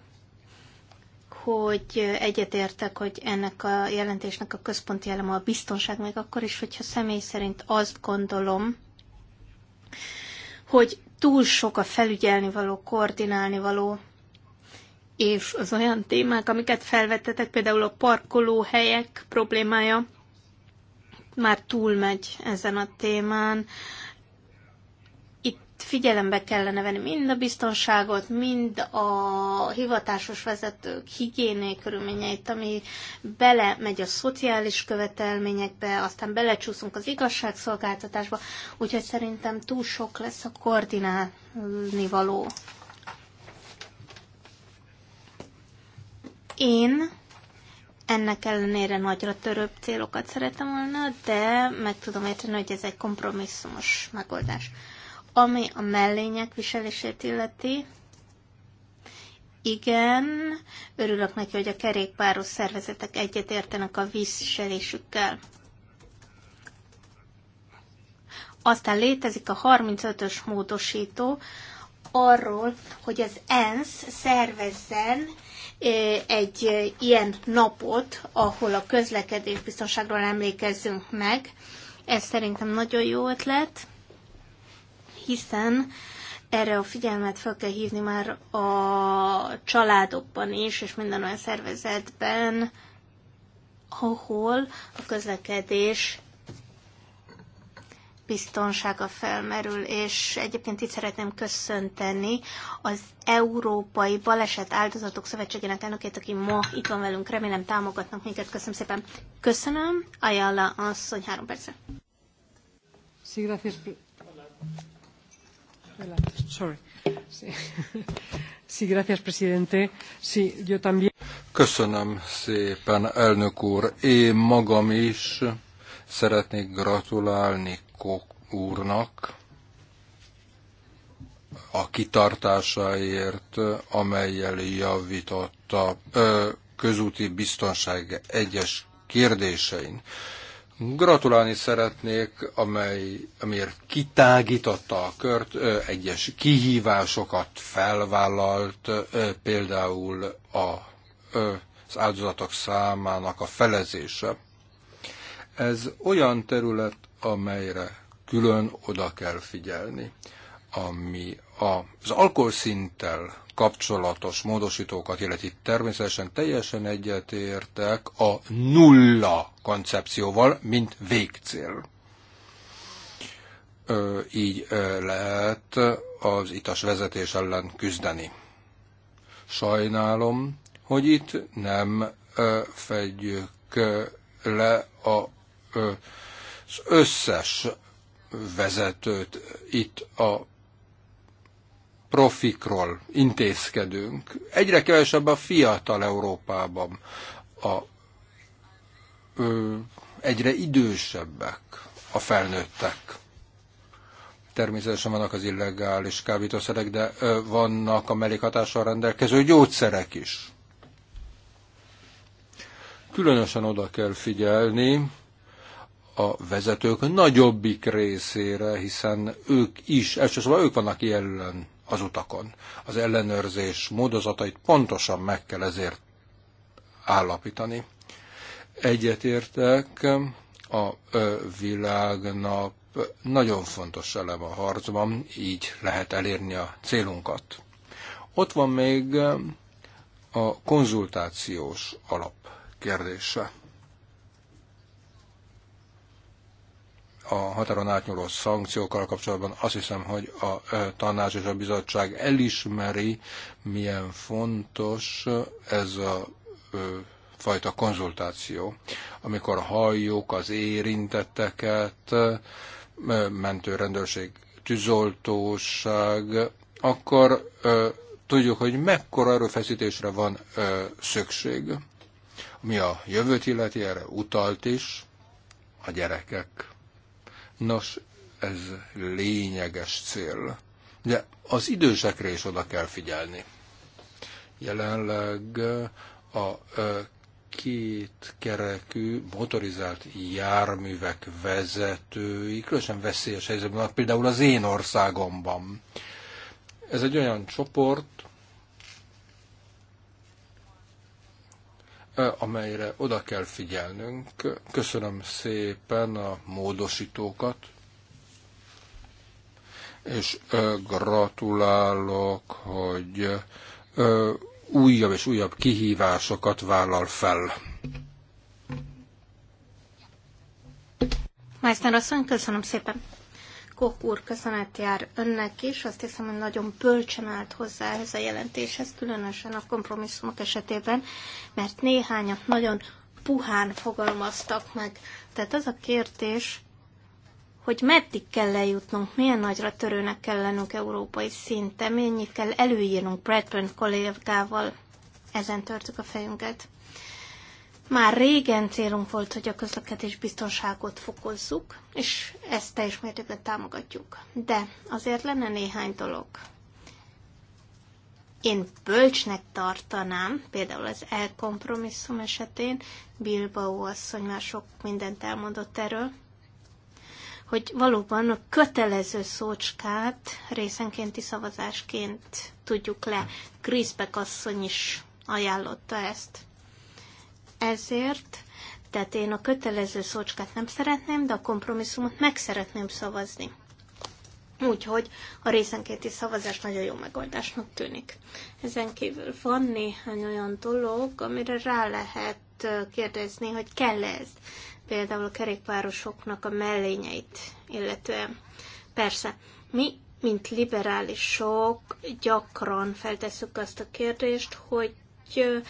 [SPEAKER 1] hogy egyetértek, hogy ennek a jelentésnek a központi eleme a biztonság, még akkor is, hogyha személy szerint azt gondolom, hogy túl sok a felügyelni való, koordinálni való és az olyan témák, amiket felvettetek, például a parkolóhelyek problémája, már túlmegy ezen a témán. Itt figyelembe kellene venni mind a biztonságot, mind a hivatásos vezetők higiéné körülményeit, ami belemegy a szociális követelményekbe, aztán belecsúszunk az igazságszolgáltatásba, úgyhogy szerintem túl sok lesz a koordinálni való. Én ennek ellenére nagyra törőbb célokat szeretem volna, de meg tudom érteni, hogy ez egy kompromisszumos megoldás. Ami a mellények viselését illeti, igen, örülök neki, hogy a kerékpáros szervezetek egyetértenek a viselésükkel. Aztán létezik a 35-ös módosító arról, hogy az ENSZ szervezzen egy ilyen napot, ahol a közlekedés biztonságról emlékezzünk meg. Ez szerintem nagyon jó ötlet, hiszen erre a figyelmet fel kell hívni már a családokban is, és minden olyan szervezetben, ahol a közlekedés biztonsága felmerül, és egyébként itt szeretném köszönteni az Európai Baleset Áldozatok Szövetségének elnökét, aki ma itt van velünk, remélem támogatnak minket. Köszönöm szépen. Köszönöm. Ajánla asszony három perce. Sorry.
[SPEAKER 2] gracias, presidente. yo también. Köszönöm szépen, elnök úr. Én magam is szeretnék gratulálni Kok úrnak a kitartásáért, amelyel javította közúti biztonság egyes kérdésein. Gratulálni szeretnék, amely, amiért kitágította a kört, egyes kihívásokat felvállalt, például a, az áldozatok számának a felezése. Ez olyan terület, amelyre külön oda kell figyelni, ami az alkoholszinttel kapcsolatos módosítókat illeti természetesen teljesen egyetértek a nulla koncepcióval, mint végcél. Így lehet az itas vezetés ellen küzdeni. Sajnálom, hogy itt nem fedjük le a az összes vezetőt itt a profikról intézkedünk. Egyre kevesebb a fiatal Európában, a, ö, egyre idősebbek a felnőttek. Természetesen vannak az illegális kábítószerek, de ö, vannak a mellékhatással rendelkező gyógyszerek is. Különösen oda kell figyelni a vezetők nagyobbik részére, hiszen ők is, elsősorban ők vannak jelen az utakon. Az ellenőrzés módozatait pontosan meg kell ezért állapítani. Egyetértek, a világnap nagyon fontos elem a harcban, így lehet elérni a célunkat. Ott van még a konzultációs alap kérdése. a határon átnyúló szankciókkal kapcsolatban azt hiszem, hogy a tanács és a bizottság elismeri, milyen fontos ez a fajta konzultáció, amikor halljuk az érintetteket, mentőrendőrség, tűzoltóság, akkor tudjuk, hogy mekkora erőfeszítésre van szükség, mi a jövőt illeti, erre utalt is, a gyerekek Nos, ez lényeges cél. De az idősekre is oda kell figyelni. Jelenleg a két kerekű motorizált járművek vezetői különösen veszélyes helyzetben például az én országomban. Ez egy olyan csoport, amelyre oda kell figyelnünk. Köszönöm szépen a módosítókat, és gratulálok, hogy újabb és újabb kihívásokat vállal fel.
[SPEAKER 1] Meissner asszony, köszönöm szépen. Kok úr, köszönet jár önnek is. Azt hiszem, hogy nagyon bölcsen állt hozzá ehhez a jelentéshez, különösen a kompromisszumok esetében, mert néhányat nagyon puhán fogalmaztak meg. Tehát az a kérdés, hogy meddig kell eljutnunk, milyen nagyra törőnek kell lennünk európai szinten, mennyit kell előírnunk Bradburn kollégával. Ezen törtük a fejünket. Már régen célunk volt, hogy a közlekedés biztonságot fokozzuk, és ezt teljes mértékben támogatjuk. De azért lenne néhány dolog. Én bölcsnek tartanám, például az elkompromisszum esetén, Bilbao asszony már sok mindent elmondott erről, hogy valóban a kötelező szócskát részenkénti szavazásként tudjuk le. Griszbek asszony is ajánlotta ezt ezért, tehát én a kötelező szócskát nem szeretném, de a kompromisszumot meg szeretném szavazni. Úgyhogy a részenkéti szavazás nagyon jó megoldásnak tűnik. Ezen kívül van néhány olyan dolog, amire rá lehet kérdezni, hogy kell -e ez. Például a kerékpárosoknak a mellényeit, illetően persze mi, mint liberálisok, gyakran feltesszük azt a kérdést, hogy hogy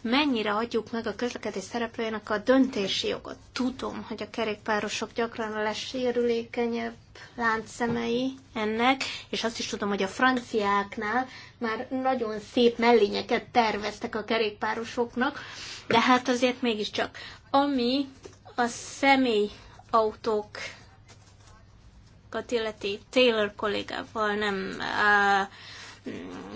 [SPEAKER 1] mennyire adjuk meg a közlekedés szereplőjének a döntési jogot. Tudom, hogy a kerékpárosok gyakran a lesérülékenyebb láncszemei ennek, és azt is tudom, hogy a franciáknál már nagyon szép mellényeket terveztek a kerékpárosoknak, de hát azért mégiscsak. Ami a személyautók illeti Taylor kollégával nem uh,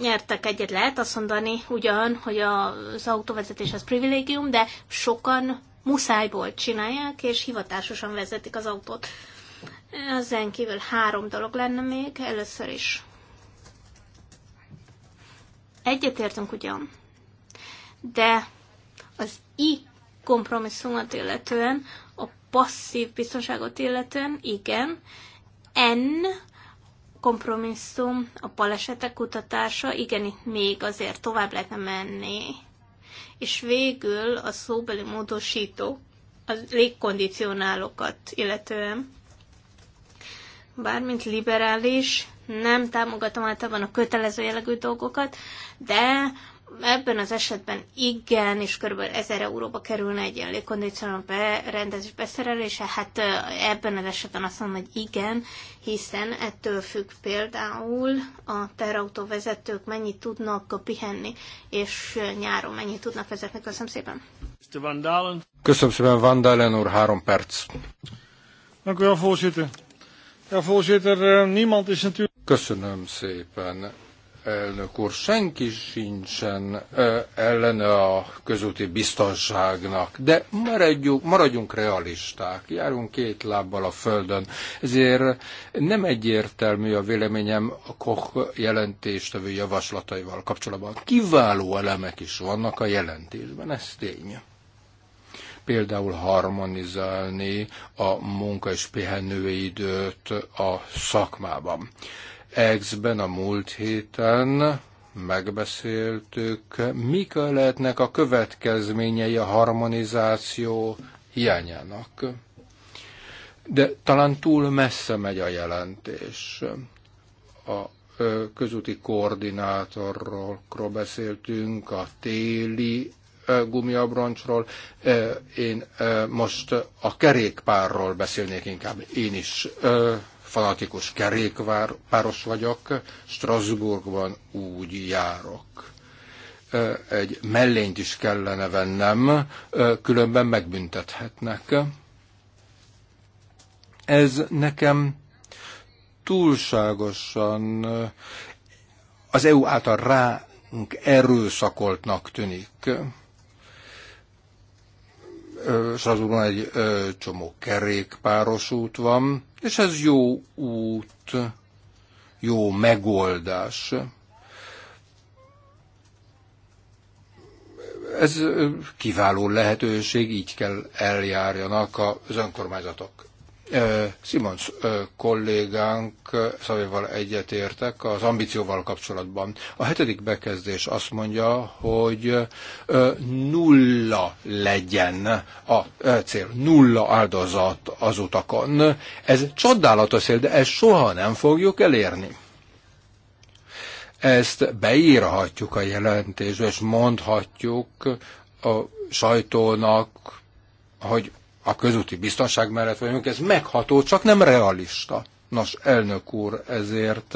[SPEAKER 1] nyertek egyet. Lehet azt mondani ugyan, hogy az autóvezetés az privilégium, de sokan muszájból csinálják, és hivatásosan vezetik az autót. Ezen kívül három dolog lenne még, először is. Egyetértünk ugyan, de az i kompromisszumot illetően, a passzív biztonságot illetően, igen, n kompromisszum, a balesetek kutatása, igen, itt még azért tovább lehetne menni. És végül a szóbeli módosító, a légkondicionálókat illetően, bármint liberális, nem támogatom általában a kötelező jellegű dolgokat, de ebben az esetben igen, és kb. 1000 euróba kerülne egy ilyen légkondicionáló berendezés beszerelése, hát ebben az esetben azt mondom, hogy igen, hiszen ettől függ például a terautó vezetők mennyit tudnak pihenni, és nyáron mennyit tudnak vezetni. Köszönöm szépen. Van
[SPEAKER 2] Dalen. Köszönöm szépen, Van Dalen úr, három perc. Akkor a wel, A Ja, eh, niemand is natuurlijk... Köszönöm szépen elnök úr. Senki sincsen ellene a közúti biztonságnak, de maradjunk, maradjunk realisták, járunk két lábbal a földön. Ezért nem egyértelmű a véleményem a Koch jelentéstevő javaslataival kapcsolatban. Kiváló elemek is vannak a jelentésben, ez tény például harmonizálni a munka és pihenőidőt a szakmában. Exben a múlt héten megbeszéltük, mik lehetnek a következményei a harmonizáció hiányának. De talán túl messze megy a jelentés. A közúti koordinátorról beszéltünk, a téli gumiabroncsról, én most a kerékpárról beszélnék inkább. Én is fanatikus kerékpáros vagyok, Strasbourgban úgy járok. Egy mellényt is kellene vennem, különben megbüntethetnek. Ez nekem túlságosan az EU által ránk erőszakoltnak tűnik. Strasbourgban egy csomó kerékpáros út van, és ez jó út, jó megoldás. Ez kiváló lehetőség, így kell eljárjanak az önkormányzatok. Simons kollégánk szavéval egyetértek az ambícióval kapcsolatban. A hetedik bekezdés azt mondja, hogy nulla legyen a cél, nulla áldozat az utakon. Ez csodálatos cél, de ezt soha nem fogjuk elérni. Ezt beírhatjuk a jelentésbe, és mondhatjuk a sajtónak, hogy a közúti biztonság mellett vagyunk, ez megható, csak nem realista. Nos, elnök úr, ezért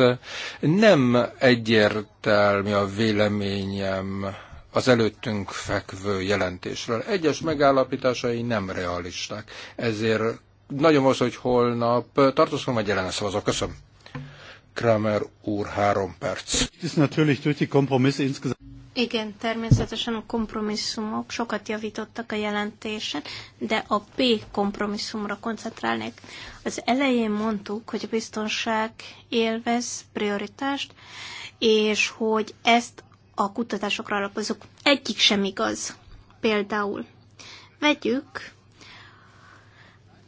[SPEAKER 2] nem egyértelmű a véleményem az előttünk fekvő jelentésről. Egyes megállapításai nem realisták, ezért nagyon az, hogy holnap tartozom egy jelen szavazok. Köszönöm. Kramer úr, három perc.
[SPEAKER 1] Igen, természetesen a kompromisszumok sokat javítottak a jelentésen, de a B kompromisszumra koncentrálnék. Az elején mondtuk, hogy a biztonság élvez prioritást, és hogy ezt a kutatásokra alapozunk. Egyik sem igaz. Például vegyük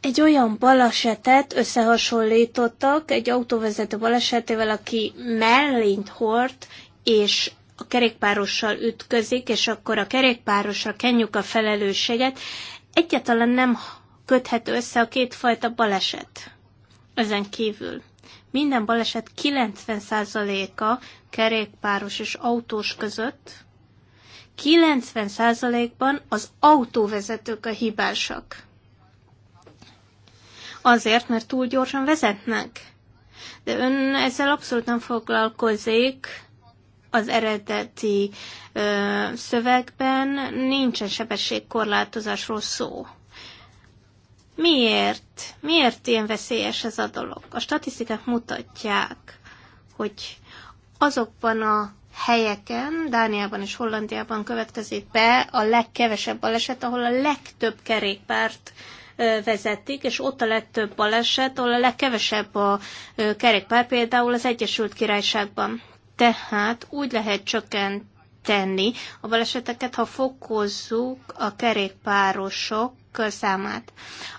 [SPEAKER 1] egy olyan balesetet összehasonlítottak egy autóvezető balesetével, aki mellényt hord, és a kerékpárossal ütközik, és akkor a kerékpárosra kenjük a felelősséget, egyáltalán nem köthető össze a kétfajta baleset. Ezen kívül minden baleset 90%-a kerékpáros és autós között 90%-ban az autóvezetők a hibásak. Azért, mert túl gyorsan vezetnek. De ön ezzel abszolút nem foglalkozik, az eredeti ö, szövegben nincsen sebességkorlátozásról szó. Miért? Miért ilyen veszélyes ez a dolog? A statisztikák mutatják, hogy azokban a helyeken, Dániában és Hollandiában következik be a legkevesebb baleset, ahol a legtöbb kerékpárt vezetik, és ott a legtöbb baleset, ahol a legkevesebb a kerékpár, például az Egyesült Királyságban. Tehát úgy lehet csökkenteni a baleseteket, ha fokozzuk a kerékpárosok körszámát.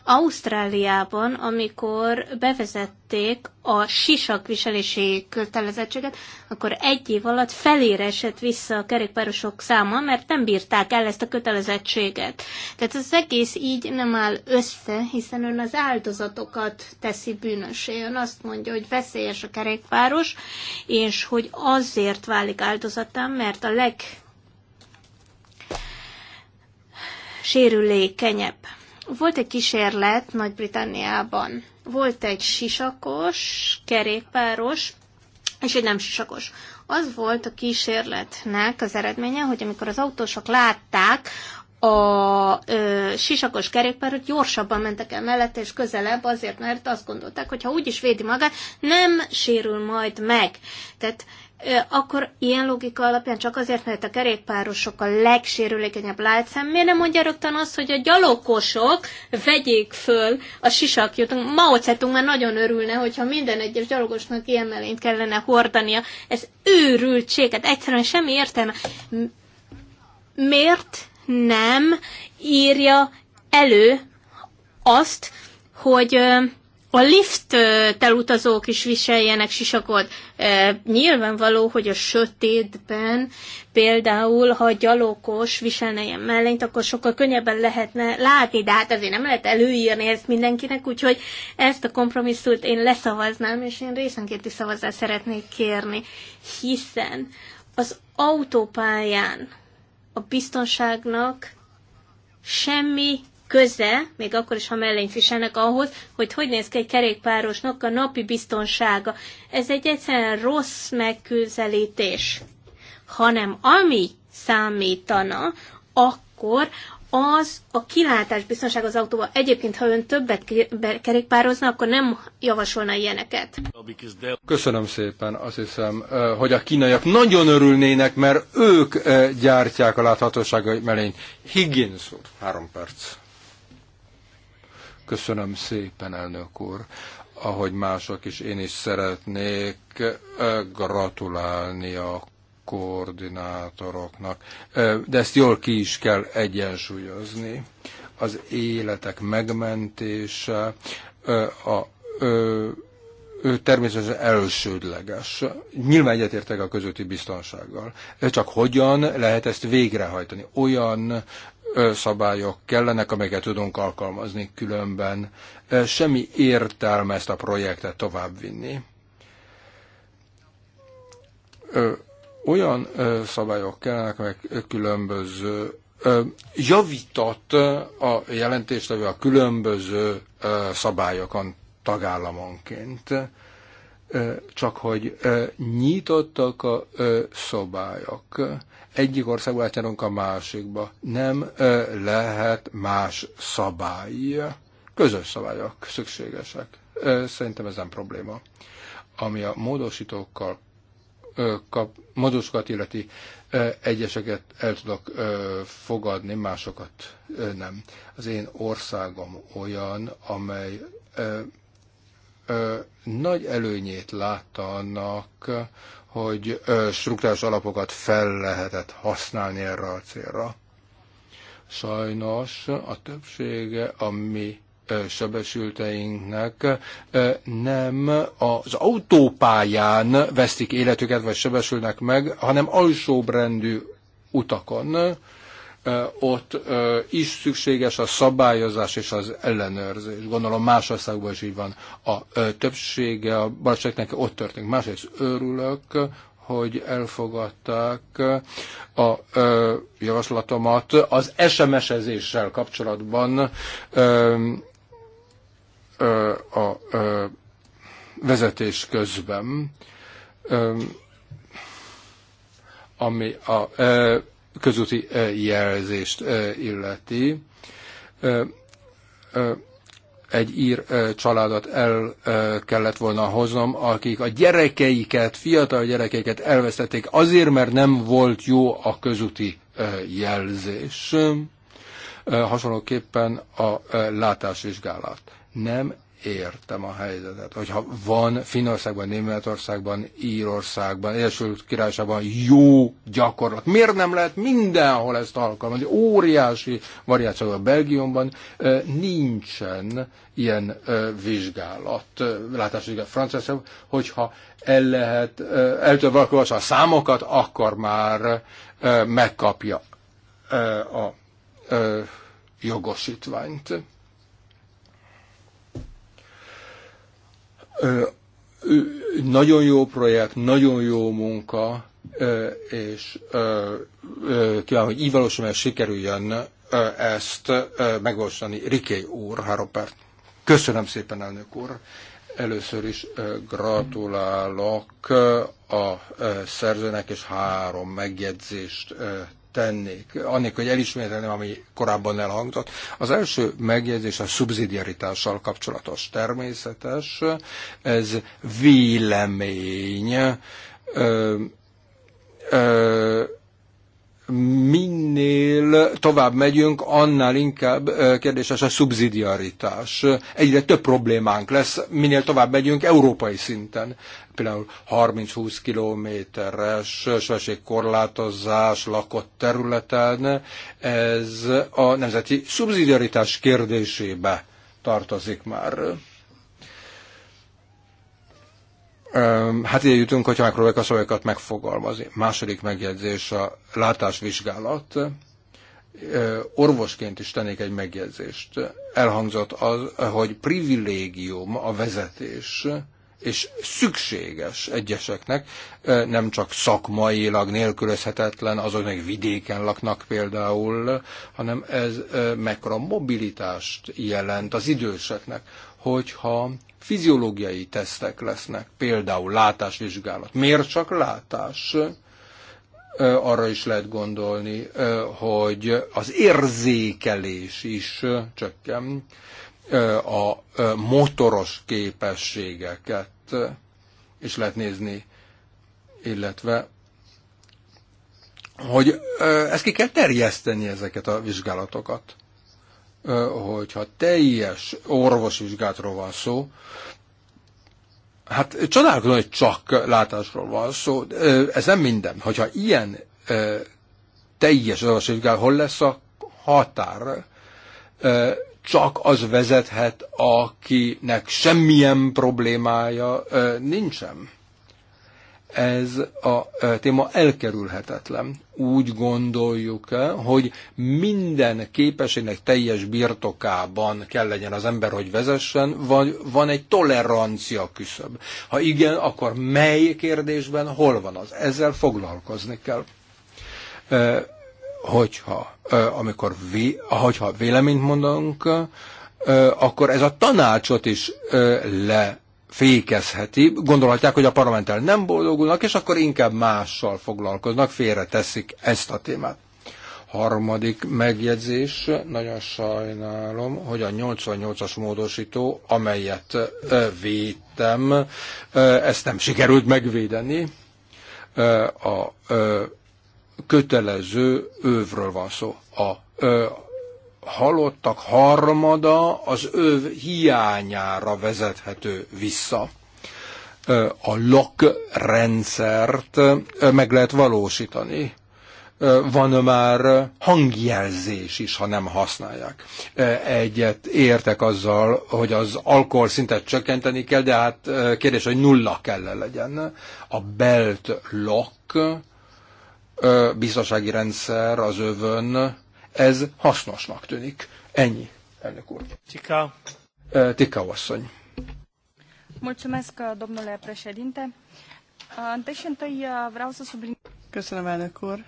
[SPEAKER 1] Ausztráliában, amikor bevezették a sisakviselési kötelezettséget, akkor egy év alatt felére esett vissza a kerékpárosok száma, mert nem bírták el ezt a kötelezettséget. Tehát az egész így nem áll össze, hiszen ön az áldozatokat teszi bűnösé. Ön azt mondja, hogy veszélyes a kerékpáros, és hogy azért válik áldozatán, mert a leg sérülékenyebb. Volt egy kísérlet Nagy-Britanniában. Volt egy sisakos, kerékpáros, és egy nem sisakos. Az volt a kísérletnek az eredménye, hogy amikor az autósok látták a ö, sisakos kerékpárot gyorsabban mentek el mellette és közelebb, azért, mert azt gondolták, hogy ha úgy is védi magát, nem sérül majd meg. Tehát akkor ilyen logika alapján csak azért, mert a kerékpárosok a legsérülékenyebb látszám, miért nem mondja rögtön azt, hogy a gyalogosok vegyék föl a sisakjutunk. Mao Zedong már nagyon örülne, hogyha minden egyes gyalogosnak ilyen mellényt kellene hordania. Ez őrültséget, egyszerűen semmi értelme. Miért nem írja elő azt, hogy a lift utazók is viseljenek sisakot. E, nyilvánvaló, hogy a sötétben például, ha gyalogos viselne ilyen mellényt, akkor sokkal könnyebben lehetne látni, de hát azért nem lehet előírni ezt mindenkinek, úgyhogy ezt a kompromisszult én leszavaznám, és én részenkéti szavazást szeretnék kérni, hiszen az autópályán a biztonságnak semmi köze, még akkor is, ha mellény viselnek ahhoz, hogy hogy néz ki egy kerékpárosnak a napi biztonsága. Ez egy egyszerűen rossz megközelítés. Hanem ami számítana, akkor az a kilátás biztonság az autóval. Egyébként, ha ön többet kerékpározna, akkor nem javasolna ilyeneket.
[SPEAKER 2] Köszönöm szépen, azt hiszem, hogy a kínaiak nagyon örülnének, mert ők gyártják a láthatósága melény. Higgins úr, három perc. Köszönöm szépen, elnök úr. Ahogy mások is, én is szeretnék gratulálni a koordinátoroknak, de ezt jól ki is kell egyensúlyozni. Az életek megmentése, a ő természetesen elsődleges. Nyilván egyetértek a közötti biztonsággal. Csak hogyan lehet ezt végrehajtani? Olyan szabályok kellenek, amelyeket tudunk alkalmazni, különben semmi értelme ezt a projektet továbbvinni. Olyan szabályok kellenek, amelyek különböző javított a jelentéstevő a különböző szabályokon tagállamonként, csak hogy nyitottak a szobályok. Egyik országból a másikba. Nem lehet más szabály. Közös szabályok szükségesek. Szerintem ez nem probléma. Ami a módosítókkal kap, módosokat illeti egyeseket el tudok fogadni, másokat nem. Az én országom olyan, amely nagy előnyét látta annak, hogy struktúrás alapokat fel lehetett használni erre a célra. Sajnos a többsége a mi sebesülteinknek nem az autópályán vesztik életüket, vagy sebesülnek meg, hanem alsóbrendű utakon, ott is szükséges a szabályozás és az ellenőrzés. Gondolom más országban is így van. A többsége a baleseteknek ott történik. Másrészt örülök, hogy elfogadták a ö, javaslatomat az SMS-ezéssel kapcsolatban ö, ö, a ö, vezetés közben, ö, ami a ö, közúti jelzést illeti. Egy ír családot el kellett volna hoznom, akik a gyerekeiket, fiatal gyerekeiket elvesztették azért, mert nem volt jó a közúti jelzés. Hasonlóképpen a látásvizsgálat. Nem értem a helyzetet. Hogyha van Finnországban, Németországban, Írországban, Egyesült Királyságban jó gyakorlat, miért nem lehet mindenhol ezt alkalmazni? Óriási variáció a Belgiumban nincsen ilyen vizsgálat, látásvizsgálat Franciaországban, hogyha el lehet, el tud valaki a számokat, akkor már megkapja a jogosítványt nagyon jó projekt, nagyon jó munka, és kívánom, hogy így valósul, mert sikerüljön ezt megvalósítani. Riké úr, három perc. Köszönöm szépen, elnök úr. Először is gratulálok a szerzőnek, és három megjegyzést tennék, annélkül, hogy elismételném, ami korábban elhangzott. Az első megjegyzés a szubszidiaritással kapcsolatos. Természetes, ez vélemény. Ö, ö, minél tovább megyünk, annál inkább kérdéses a szubszidiaritás. Egyre több problémánk lesz, minél tovább megyünk európai szinten. Például 30-20 kilométeres sebességkorlátozás lakott területen, ez a nemzeti szubszidiaritás kérdésébe tartozik már. Hát ide jutunk, hogyha megpróbáljuk a szavakat megfogalmazni. Második megjegyzés a látásvizsgálat. Orvosként is tennék egy megjegyzést. Elhangzott az, hogy privilégium a vezetés, és szükséges egyeseknek, nem csak szakmailag nélkülözhetetlen, azok meg vidéken laknak például, hanem ez mekkora mobilitást jelent az időseknek, hogyha Fiziológiai tesztek lesznek, például látásvizsgálat. Miért csak látás? Arra is lehet gondolni, hogy az érzékelés is csökken, a motoros képességeket is lehet nézni, illetve hogy ezt ki kell terjeszteni ezeket a vizsgálatokat hogyha teljes orvosvizsgátról van szó, hát csodálkozom, hogy csak látásról van szó, ez nem minden. Hogyha ilyen teljes orvosvizsgálat, hol lesz a határ? Csak az vezethet, akinek semmilyen problémája nincsen ez a téma elkerülhetetlen. Úgy gondoljuk, hogy minden képességnek teljes birtokában kell legyen az ember, hogy vezessen, vagy van egy tolerancia küszöb. Ha igen, akkor mely kérdésben hol van az? Ezzel foglalkozni kell. Hogyha, amikor vé, hogyha véleményt mondunk, akkor ez a tanácsot is le fékezheti, gondolhatják, hogy a parlamenttel nem boldogulnak, és akkor inkább mással foglalkoznak, félreteszik ezt a témát. Harmadik megjegyzés, nagyon sajnálom, hogy a 88-as módosító, amelyet védtem, ezt nem sikerült megvédeni. A kötelező övről van szó. A halottak harmada az öv hiányára vezethető vissza. A lock rendszert meg lehet valósítani. Van már hangjelzés is, ha nem használják. Egyet értek azzal, hogy az alkohol szintet csökkenteni kell, de hát kérdés, hogy nulla kell -e legyen. A belt lock biztonsági rendszer az övön ez hasznosnak tűnik. Ennyi, elnök úr. Tikau. Tikau asszony.
[SPEAKER 1] Mulțumesc,
[SPEAKER 3] domnule președinte. Întâi și întâi vreau să sublin... Köszönöm, elnök úr.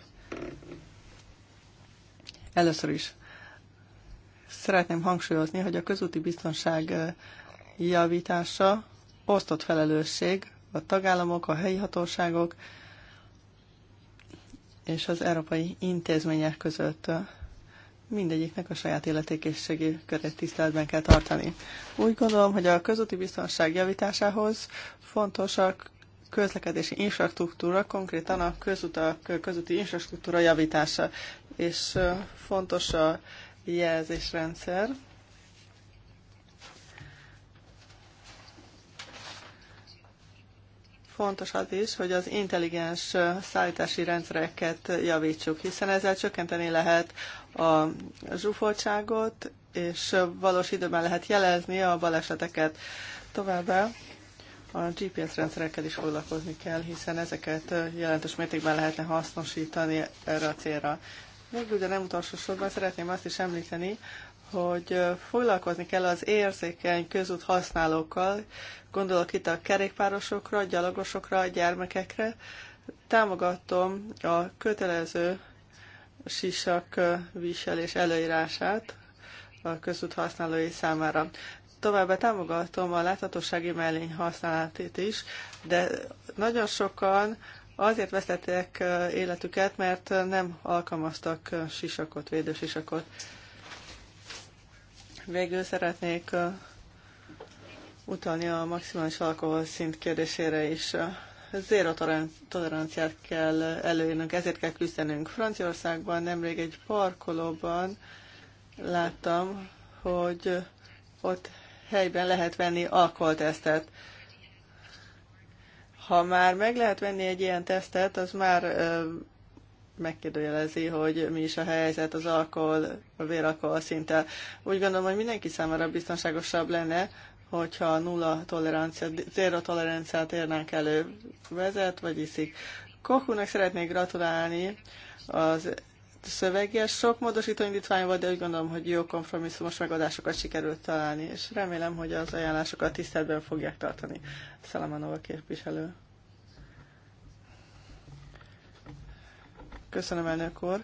[SPEAKER 3] Először is szeretném hangsúlyozni, hogy a közúti biztonság javítása osztott felelősség a tagállamok, a helyi hatóságok és az európai intézmények között mindegyiknek a saját életékészségi köré tiszteletben kell tartani. Úgy gondolom, hogy a közúti biztonság javításához fontos a közlekedési infrastruktúra, konkrétan a közutak, közúti infrastruktúra javítása, és fontos a jelzésrendszer. Fontos az is, hogy az intelligens szállítási rendszereket javítsuk, hiszen ezzel csökkenteni lehet a zsúfoltságot, és valós időben lehet jelezni a baleseteket. Továbbá a GPS rendszerekkel is foglalkozni kell, hiszen ezeket jelentős mértékben lehetne hasznosítani erre a célra. Végül, de nem utolsó sorban szeretném azt is említeni, hogy foglalkozni kell az érzékeny közút használókkal, gondolok itt a kerékpárosokra, gyalogosokra, gyermekekre. Támogatom a kötelező sisak viselés előírását a közút használói számára. Továbbá támogatom a láthatósági mellény használatét is, de nagyon sokan azért vesztették életüket, mert nem alkalmaztak sisakot, védősisakot. Végül szeretnék utalni a maximális szint kérdésére is zéro toleranciát kell előírnunk. ezért kell küzdenünk. Franciaországban nemrég egy parkolóban láttam, hogy ott helyben lehet venni alkoholtesztet. Ha már meg lehet venni egy ilyen tesztet, az már ö, megkérdőjelezi, hogy mi is a helyzet az alkohol, a véralkohol szinttel. Úgy gondolom, hogy mindenki számára biztonságosabb lenne, hogyha nulla tolerancia, zéro toleranciát érnek elő, vezet vagy iszik. Kokunak szeretnék gratulálni az szöveges Sok módosító indítvány volt, de úgy gondolom, hogy jó kompromisszumos megoldásokat sikerült találni, és remélem, hogy az ajánlásokat tiszteletben fogják tartani. Szalamanova képviselő. Köszönöm, elnök úr.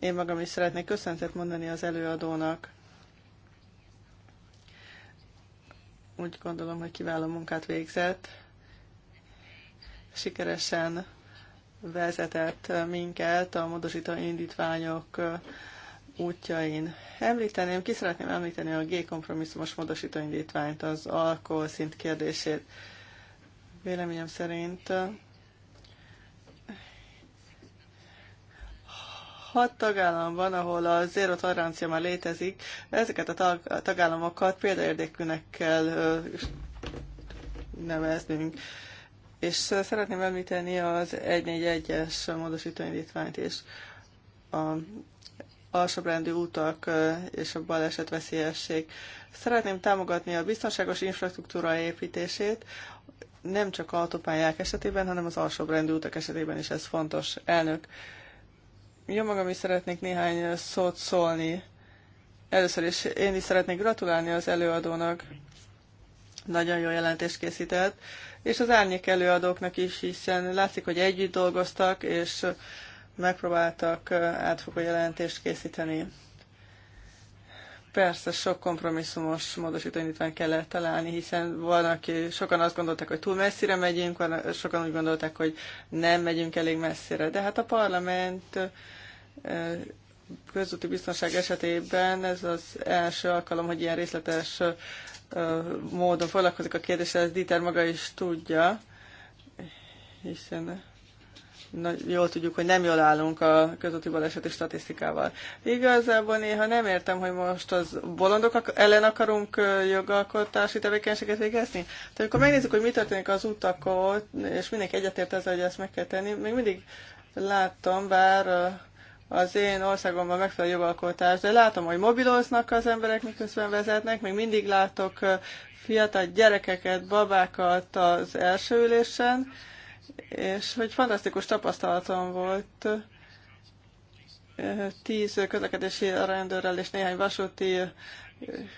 [SPEAKER 3] Én magam is szeretnék köszöntet mondani az előadónak Úgy gondolom, hogy kiváló munkát végzett. Sikeresen vezetett minket a módosító indítványok útjain. Említeném, ki szeretném említeni a G-kompromisszumos módosító indítványt, az szint kérdését. Véleményem szerint hat tagállam van, ahol a zéro tolerancia már létezik, ezeket a tag, tagállamokat példaértékűnek kell neveznünk. És szeretném említeni az 141-es módosítóindítványt is. A alsóbrendű utak és a baleset veszélyesség. Szeretném támogatni a biztonságos infrastruktúra építését, nem csak autópályák esetében, hanem az alsóbrendű utak esetében is ez fontos. Elnök, jó magam is szeretnék néhány szót szólni. Először is én is szeretnék gratulálni az előadónak. Nagyon jó jelentést készített, és az árnyék előadóknak is, hiszen látszik, hogy együtt dolgoztak, és megpróbáltak átfogó jelentést készíteni. Persze sok kompromisszumos módosítóindítványt kellett találni, hiszen van, aki, sokan azt gondolták, hogy túl messzire megyünk, van, sokan úgy gondolták, hogy nem megyünk elég messzire. De hát a parlament közúti biztonság esetében ez az első alkalom, hogy ilyen részletes módon foglalkozik a kérdéssel, ez Dieter maga is tudja, hiszen na, jól tudjuk, hogy nem jól állunk a közúti baleseti statisztikával. Igazából néha nem értem, hogy most az bolondok ellen akarunk jogalkotási tevékenységet végezni. Tehát amikor megnézzük, hogy mi történik az utakon, és mindenki egyetért ezzel, hogy ezt meg kell tenni, még mindig látom, bár az én országomban megfelelő jogalkotás, de látom, hogy mobiloznak az emberek, miközben vezetnek, még mindig látok fiatal gyerekeket, babákat az első ülésen, és hogy fantasztikus tapasztalatom volt tíz közlekedési rendőrrel és néhány vasúti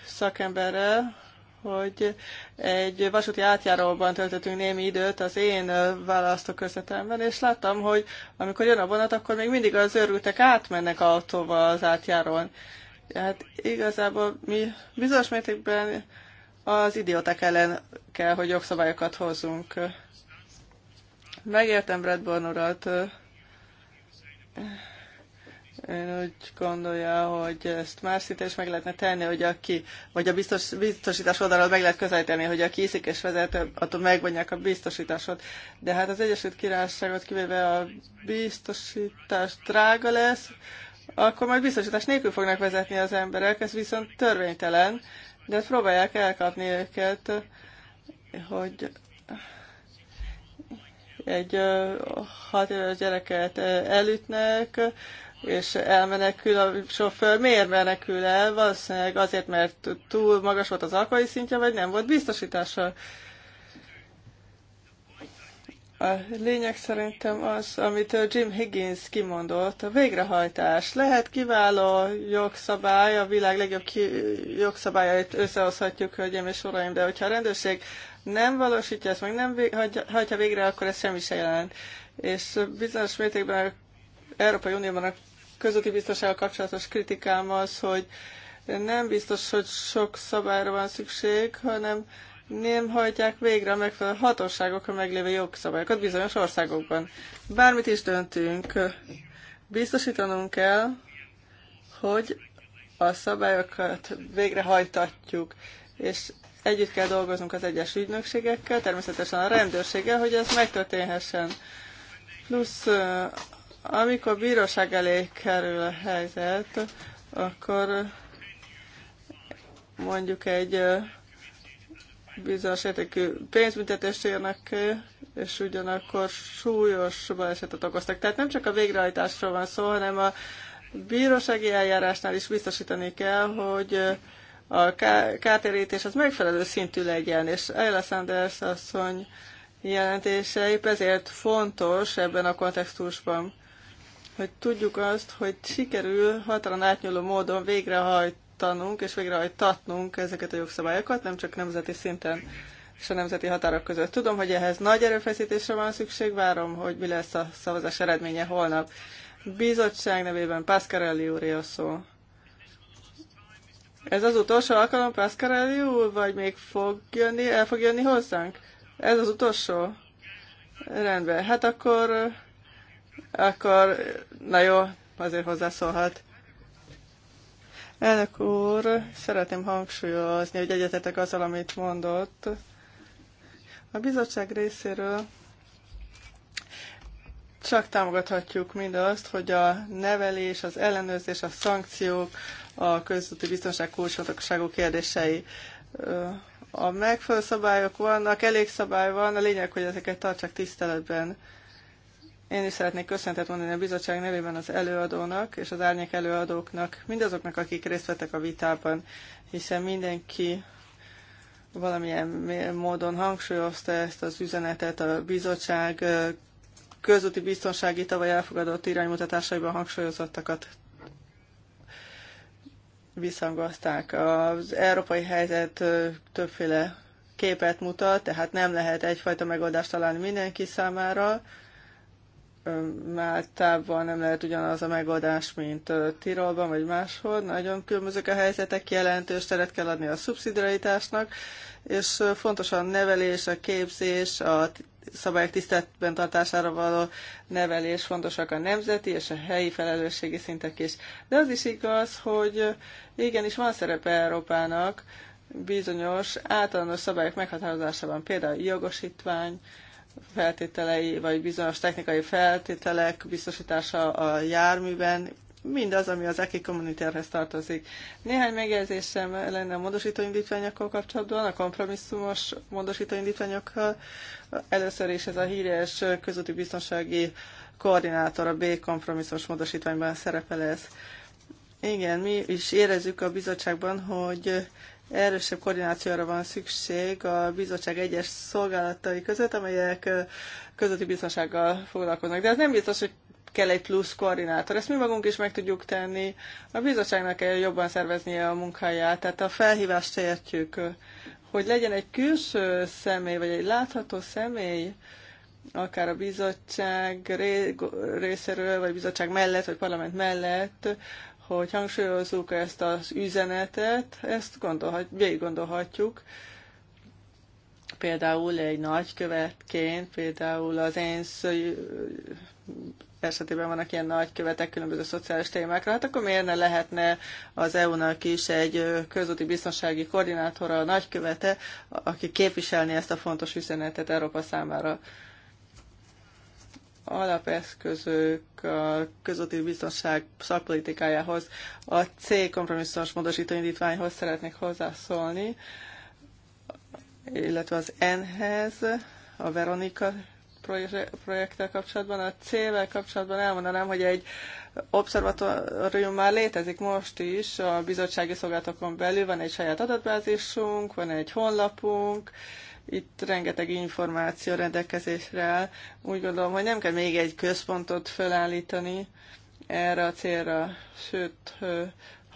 [SPEAKER 3] szakemberrel, hogy egy vasúti átjáróban töltöttünk némi időt az én választókörzetemben, és láttam, hogy amikor jön a vonat, akkor még mindig az őrültek átmennek autóval az átjárón. Hát igazából mi bizonyos mértékben az idióták ellen kell, hogy jogszabályokat hozzunk. Megértem Brad urat én úgy gondolja, hogy ezt más szinte is meg lehetne tenni, hogy aki, vagy a biztos, biztosítás oldalról meg lehet közelíteni, hogy aki iszik és vezet, attól megvonják a biztosításot. De hát az Egyesült Királyságot kivéve a biztosítás drága lesz, akkor majd biztosítás nélkül fognak vezetni az emberek, ez viszont törvénytelen, de hát próbálják elkapni őket, hogy egy hat éves gyereket elütnek, és elmenekül a sofőr. Miért menekül el? Valószínűleg azért, mert túl magas volt az alkoholi szintje, vagy nem volt biztosítása. A lényeg szerintem az, amit Jim Higgins kimondott, a végrehajtás. Lehet kiváló jogszabály, a világ legjobb ki- jogszabályait összehozhatjuk, hölgyeim és uraim, de hogyha a rendőrség nem valósítja ezt, meg nem vég- hagyja, hagyja végre, akkor ez semmi se jelent. És bizonyos mértékben Európai Unióban a közúti biztonsággal kapcsolatos kritikám az, hogy nem biztos, hogy sok szabályra van szükség, hanem nem hajtják végre a megfelelő hatóságok a meglévő jogszabályokat bizonyos országokban. Bármit is döntünk, biztosítanunk kell, hogy a szabályokat végrehajtatjuk, és együtt kell dolgoznunk az egyes ügynökségekkel, természetesen a rendőrséggel, hogy ez megtörténhessen. Plusz amikor bíróság elé kerül a helyzet, akkor mondjuk egy bizonyos értékű pénzbüntetést érnek és ugyanakkor súlyos balesetet okoztak. Tehát nem csak a végrehajtásról van szó, hanem a bírósági eljárásnál is biztosítani kell, hogy a kártérítés az megfelelő szintű legyen, és Ayla Sanders asszony jelentése épp ezért fontos ebben a kontextusban hogy tudjuk azt, hogy sikerül határon átnyúló módon végrehajtanunk és végrehajtatnunk ezeket a jogszabályokat, nem csak nemzeti szinten és a nemzeti határok között. Tudom, hogy ehhez nagy erőfeszítésre van szükség, várom, hogy mi lesz a szavazás eredménye holnap. Bizottság nevében Pascarelli úr a szó. Ez az utolsó alkalom Pascarelli úr, vagy még fog jönni, el fog jönni hozzánk? Ez az utolsó? Rendben, hát akkor akkor na jó, azért hozzászólhat. Elnök úr, szeretném hangsúlyozni, hogy egyetetek azzal, amit mondott. A bizottság részéről csak támogathatjuk mindazt, hogy a nevelés, az ellenőrzés, a szankciók, a közúti biztonság kulcsfontosságú kérdései. A megfelelő szabályok vannak, elég szabály van, a lényeg, hogy ezeket tartsák tiszteletben. Én is szeretnék köszöntet mondani a bizottság nevében az előadónak és az árnyék előadóknak, mindazoknak, akik részt vettek a vitában, hiszen mindenki valamilyen módon hangsúlyozta ezt az üzenetet a bizottság közúti biztonsági tavaly elfogadott iránymutatásaiban hangsúlyozottakat visszhangozták. Az európai helyzet többféle képet mutat, tehát nem lehet egyfajta megoldást találni mindenki számára, Máltában nem lehet ugyanaz a megoldás, mint Tirolban vagy máshol. Nagyon különbözők a helyzetek, jelentős teret kell adni a szubszidiaritásnak, és fontos a nevelés, a képzés, a szabályok tiszteletben tartására való nevelés, fontosak a nemzeti és a helyi felelősségi szintek is. De az is igaz, hogy igenis van szerepe Európának bizonyos általános szabályok meghatározásában, például jogosítvány, feltételei, vagy bizonyos technikai feltételek biztosítása a járműben, mindaz, ami az EKI kommunitárhez tartozik. Néhány megjegyzésem lenne a módosítóindítványokkal kapcsolatban, a kompromisszumos módosítóindítványokkal. Először is ez a híres közúti biztonsági koordinátor, a B kompromisszumos módosítványban szerepel ez. Igen, mi is érezzük a bizottságban, hogy erősebb koordinációra van szükség a bizottság egyes szolgálatai között, amelyek közötti biztonsággal foglalkoznak. De ez nem biztos, hogy kell egy plusz koordinátor. Ezt mi magunk is meg tudjuk tenni. A bizottságnak kell jobban szerveznie a munkáját, tehát a felhívást értjük, hogy legyen egy külső személy, vagy egy látható személy, akár a bizottság részéről, vagy bizottság mellett, vagy parlament mellett, hogy hangsúlyozzuk ezt az üzenetet, ezt gondolhat, végig gondolhatjuk. Például egy nagykövetként, például az ENSZ esetében vannak ilyen nagykövetek különböző szociális témákra, hát akkor miért ne lehetne az EU-nak is egy közúti biztonsági koordinátora, a nagykövete, aki képviselni ezt a fontos üzenetet Európa számára alapeszközök a közötti biztonság szakpolitikájához, a C kompromisszumos módosító indítványhoz szeretnék hozzászólni, illetve az N-hez, a Veronika projekttel kapcsolatban. A C-vel kapcsolatban elmondanám, hogy egy obszervatórium már létezik most is a bizottsági szolgálatokon belül, van egy saját adatbázisunk, van egy honlapunk, itt rengeteg információ rendelkezésre áll. Úgy gondolom, hogy nem kell még egy központot felállítani erre a célra. Sőt,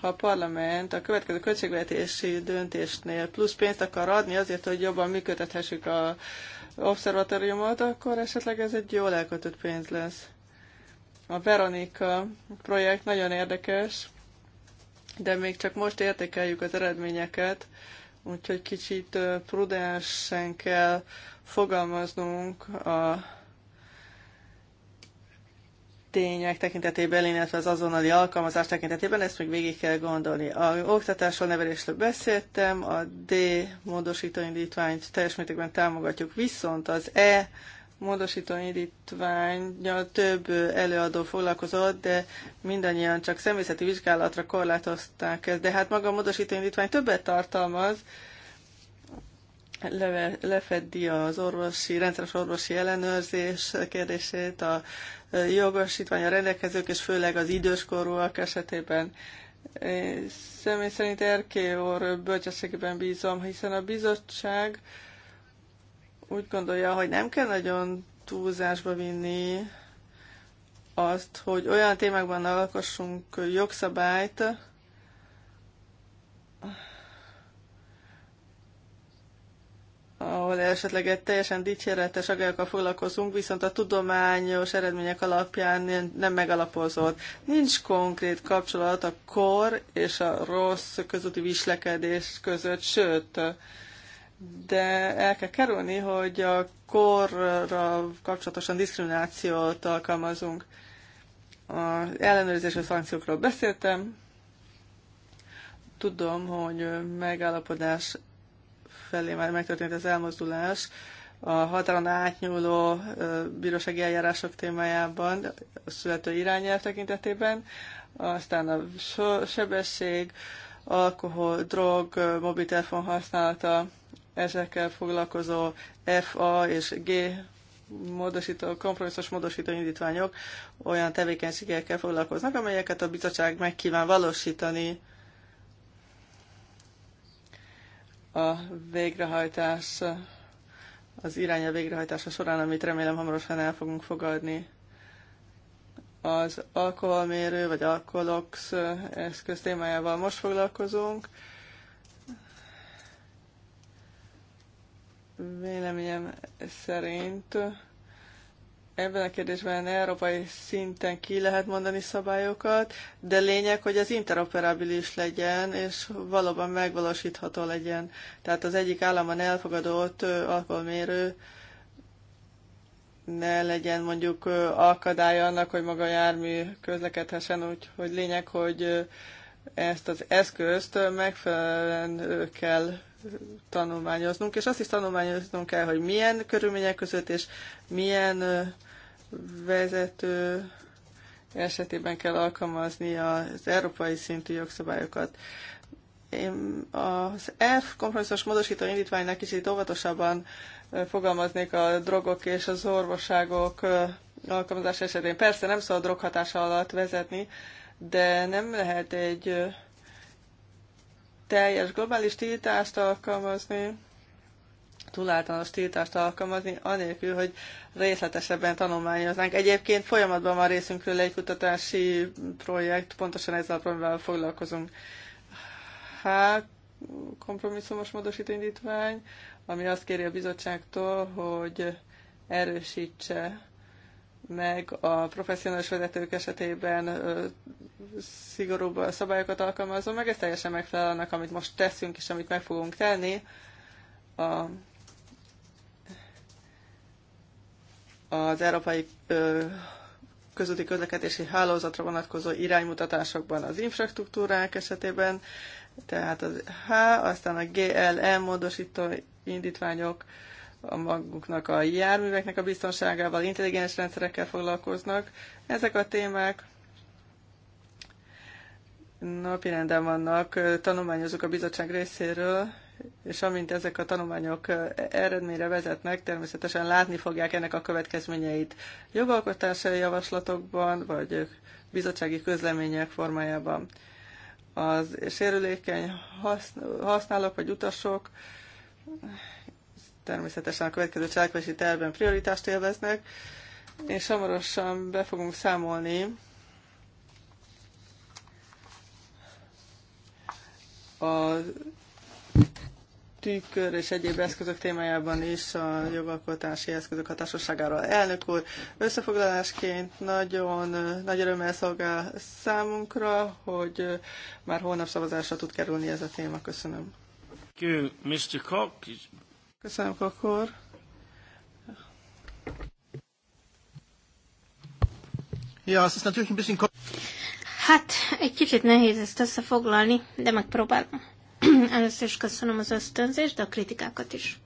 [SPEAKER 3] ha a parlament a következő költségvetési döntésnél plusz pénzt akar adni azért, hogy jobban működhessük a observatóriumot, akkor esetleg ez egy jól elkötött pénz lesz. A Veronika projekt nagyon érdekes, de még csak most értékeljük az eredményeket, Úgyhogy kicsit prudensen kell fogalmaznunk a tények tekintetében, illetve az azonnali alkalmazás tekintetében, ezt még végig kell gondolni. A oktatásról, nevelésről beszéltem, a D módosító indítványt teljes mértékben támogatjuk, viszont az E módosító indítványa több előadó foglalkozott, de mindannyian csak személyzeti vizsgálatra korlátozták ezt. De hát maga a módosító indítvány többet tartalmaz, leve, lefeddi az orvosi, rendszeres orvosi ellenőrzés kérdését, a jogosítvány a rendelkezők, és főleg az időskorúak esetében. Személy szerint Erkéor bölcsességében bízom, hiszen a bizottság úgy gondolja, hogy nem kell nagyon túlzásba vinni azt, hogy olyan témákban alkossunk jogszabályt, ahol esetleg egy teljesen dicséretes agályokkal foglalkozunk, viszont a tudományos eredmények alapján nem megalapozott. Nincs konkrét kapcsolat a kor és a rossz közötti viselkedés között, sőt, de el kell kerülni, hogy a korra kapcsolatosan diszkriminációt alkalmazunk. Az ellenőrzés a szankciókról beszéltem. Tudom, hogy megállapodás felé már megtörtént az elmozdulás a határon átnyúló bírósági eljárások témájában, a születő irányelv tekintetében, aztán a sebesség, alkohol, drog, mobiltelefon használata, ezekkel foglalkozó FA és G módosító, kompromisszus módosító indítványok olyan tevékenységekkel foglalkoznak, amelyeket a bizottság megkíván valósítani a végrehajtás, az iránya végrehajtása során, amit remélem hamarosan el fogunk fogadni. Az alkoholmérő vagy alkolox eszköz témájával most foglalkozunk. Véleményem szerint ebben a kérdésben európai szinten ki lehet mondani szabályokat, de lényeg, hogy az interoperabilis legyen, és valóban megvalósítható legyen. Tehát az egyik államban elfogadott alkoholmérő ne legyen mondjuk akadálya annak, hogy maga jármű közlekedhessen, úgyhogy lényeg, hogy ezt az eszközt megfelelően kell tanulmányoznunk, és azt is tanulmányoznunk kell, hogy milyen körülmények között és milyen vezető esetében kell alkalmazni az európai szintű jogszabályokat. Én az F kompromisszos módosító indítványnak kicsit óvatosabban fogalmaznék a drogok és az orvosságok alkalmazása esetén. Persze nem szabad droghatása alatt vezetni, de nem lehet egy teljes globális tiltást alkalmazni, túláltalános tiltást alkalmazni, anélkül, hogy részletesebben tanulmányoznánk. Egyébként folyamatban van részünkről egy kutatási projekt, pontosan ezzel a problémával foglalkozunk. Hát, kompromisszumos módosító indítvány, ami azt kéri a bizottságtól, hogy erősítse meg, a professzionális vezetők esetében szigorúbb szabályokat alkalmazom meg, ez teljesen megfelel annak, amit most teszünk és amit meg fogunk tenni. A, az európai ö, közúti közlekedési hálózatra vonatkozó iránymutatásokban az infrastruktúrák esetében, tehát az H, aztán a GLM e módosító indítványok, a maguknak a járműveknek a biztonságával, intelligens rendszerekkel foglalkoznak. Ezek a témák napirenden vannak, tanulmányozók a bizottság részéről, és amint ezek a tanulmányok eredményre vezetnek, természetesen látni fogják ennek a következményeit jogalkotási javaslatokban, vagy bizottsági közlemények formájában. Az sérülékeny használók vagy utasok természetesen a következő cselekvési tervben prioritást élveznek, és hamarosan be fogunk számolni a tükör és egyéb eszközök témájában is a jogalkotási eszközök hatásosságáról. Elnök úr, összefoglalásként nagyon nagy örömmel szolgál számunkra, hogy már holnap szavazásra tud kerülni ez a téma. Köszönöm.
[SPEAKER 1] Thank you, Mr. Cox.
[SPEAKER 3] Köszönöm, akkor. Ja, azt hiszem, hogy ein
[SPEAKER 1] Hát, egy kicsit nehéz ezt összefoglalni, de megpróbálom. Először is köszönöm az ösztönzést, de a kritikákat is.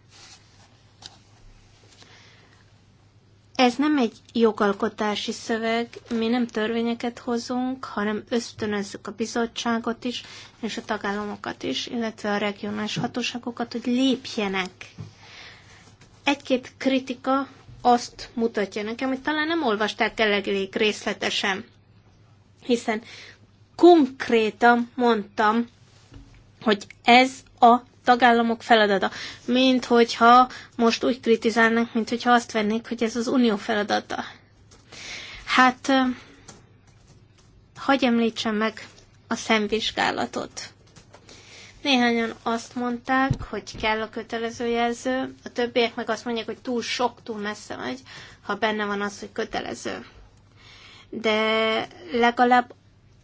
[SPEAKER 1] Ez nem egy jogalkotási szöveg, mi nem törvényeket hozunk, hanem ösztönözzük a bizottságot is, és a tagállamokat is, illetve a regionális hatóságokat, hogy lépjenek. Egy-két kritika azt mutatja nekem, hogy talán nem olvasták elég részletesen, hiszen konkrétan mondtam, hogy ez a tagállamok feladata. Mint hogyha most úgy kritizálnak, mint hogyha azt vennék, hogy ez az unió feladata. Hát, hagyj említsem meg a szemvizsgálatot. Néhányan azt mondták, hogy kell a kötelező jelző, a többiek meg azt mondják, hogy túl sok, túl messze megy, ha benne van az, hogy kötelező. De legalább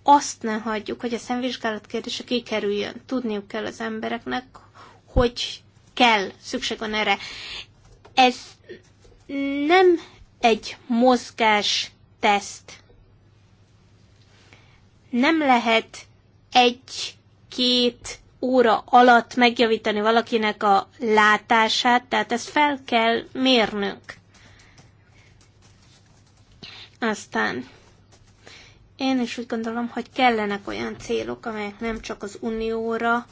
[SPEAKER 1] azt ne hagyjuk, hogy a szemvizsgálat kérdése kikerüljön. Tudniuk kell az embereknek, hogy kell, szükség van erre. Ez nem egy mozgás teszt. Nem lehet egy-két óra alatt megjavítani valakinek a látását, tehát ezt fel kell mérnünk. Aztán én is úgy gondolom, hogy kellenek olyan célok, amelyek nem csak az unióra,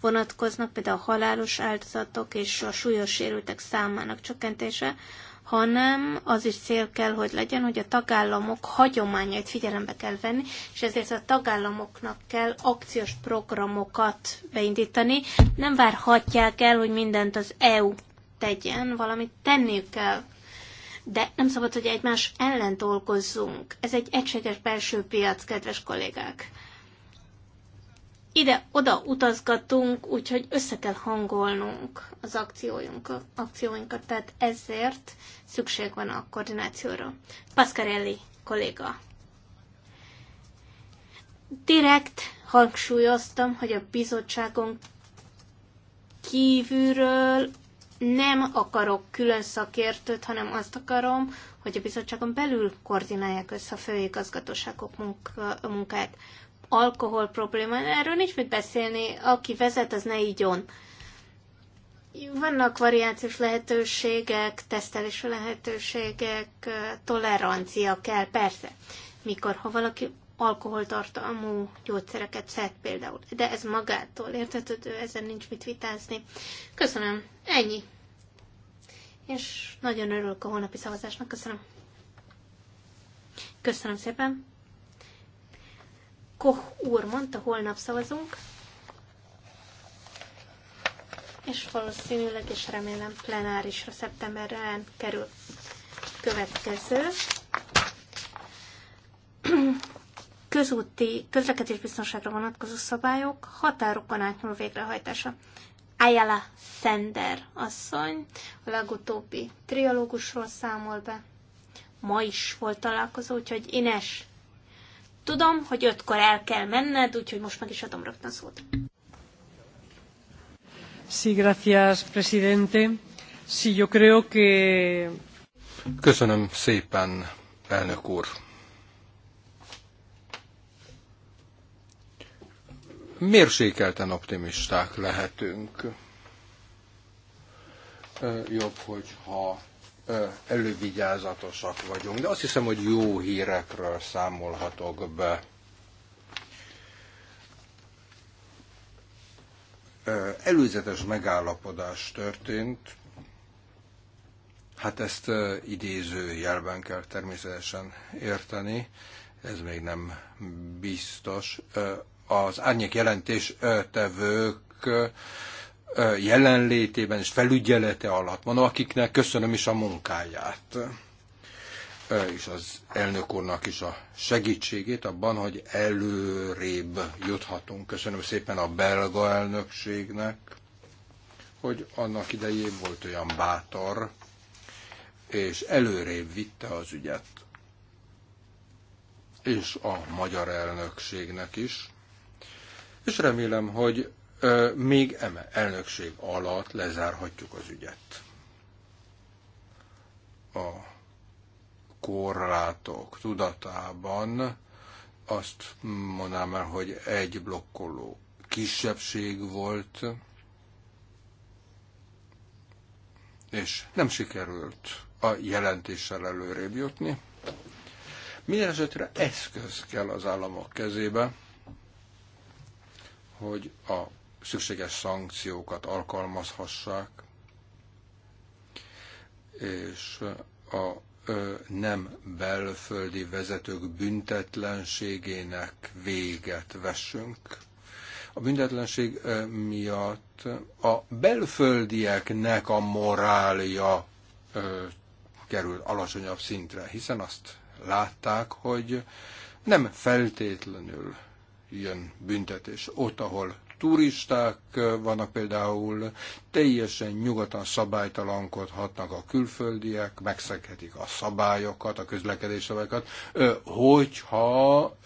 [SPEAKER 1] vonatkoznak, például a halálos áldozatok és a súlyos sérültek számának csökkentése, hanem az is cél kell, hogy legyen, hogy a tagállamok hagyományait figyelembe kell venni, és ezért a tagállamoknak kell akciós programokat beindítani. Nem várhatják el, hogy mindent az EU tegyen, valamit tenniük kell. De nem szabad, hogy egymás ellen dolgozzunk. Ez egy egységes belső piac, kedves kollégák ide-oda utazgatunk, úgyhogy össze kell hangolnunk az akcióinkat, akcióinkat, tehát ezért szükség van a koordinációra. Pascarelli kolléga. Direkt hangsúlyoztam, hogy a bizottságon kívülről nem akarok külön szakértőt, hanem azt akarom, hogy a bizottságon belül koordinálják össze a főigazgatóságok munkáját alkohol probléma, erről nincs mit beszélni, aki vezet, az ne igyon. Vannak variációs lehetőségek, tesztelési lehetőségek, tolerancia kell, persze. Mikor, ha valaki alkoholtartalmú gyógyszereket szed például. De ez magától értetődő, ezen nincs mit vitázni. Köszönöm, ennyi. És nagyon örülök a holnapi szavazásnak, köszönöm. Köszönöm szépen. Koch úr mondta, holnap szavazunk, és valószínűleg és remélem plenárisra szeptemberre kerül. Következő. Közúti közlekedésbiztonságra vonatkozó szabályok határokon átnyúló végrehajtása. Ayala Sender asszony a legutóbbi trialógusról számol be. Ma is volt találkozó, úgyhogy Ines, Tudom, hogy ötkor el kell menned, úgyhogy most meg is adom rögtön szót.
[SPEAKER 3] Sí, gracias, presidente. Sí, yo creo que...
[SPEAKER 2] Köszönöm szépen, elnök úr. Mérsékelten optimisták lehetünk. Jobb, hogyha elővigyázatosak vagyunk, de azt hiszem, hogy jó hírekről számolhatok be. Előzetes megállapodás történt, hát ezt idéző jelben kell természetesen érteni, ez még nem biztos. Az árnyék jelentés tevők jelenlétében és felügyelete alatt van, akiknek köszönöm is a munkáját és az elnök úrnak is a segítségét abban, hogy előrébb juthatunk. Köszönöm szépen a belga elnökségnek, hogy annak idején volt olyan bátor, és előrébb vitte az ügyet. És a magyar elnökségnek is. És remélem, hogy még eme elnökség alatt lezárhatjuk az ügyet. A korlátok tudatában azt mondanám el, hogy egy blokkoló kisebbség volt, és nem sikerült a jelentéssel előrébb jutni. Minden esetre eszköz kell az államok kezébe, hogy a szükséges szankciókat alkalmazhassák, és a nem belföldi vezetők büntetlenségének véget vessünk. A büntetlenség miatt a belföldieknek a morálja került alacsonyabb szintre, hiszen azt látták, hogy nem feltétlenül jön büntetés ott, ahol turisták vannak például, teljesen nyugodtan szabálytalankodhatnak a külföldiek, megszeghetik a szabályokat, a közlekedési szabályokat, hogyha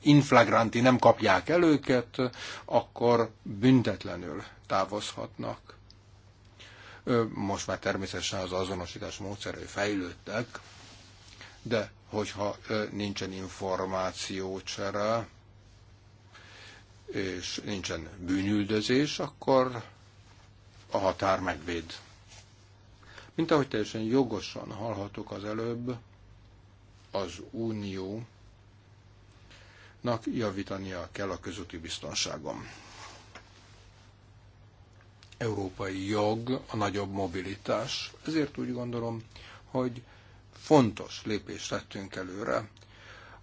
[SPEAKER 2] inflagranti nem kapják el őket, akkor büntetlenül távozhatnak. Most már természetesen az azonosítás módszerei fejlődtek, de hogyha nincsen információcsere, és nincsen bűnüldözés, akkor a határ megvéd. Mint ahogy teljesen jogosan hallhatok az előbb, az uniónak javítania kell a közúti biztonságom. Európai jog a nagyobb mobilitás. Ezért úgy gondolom, hogy fontos lépést tettünk előre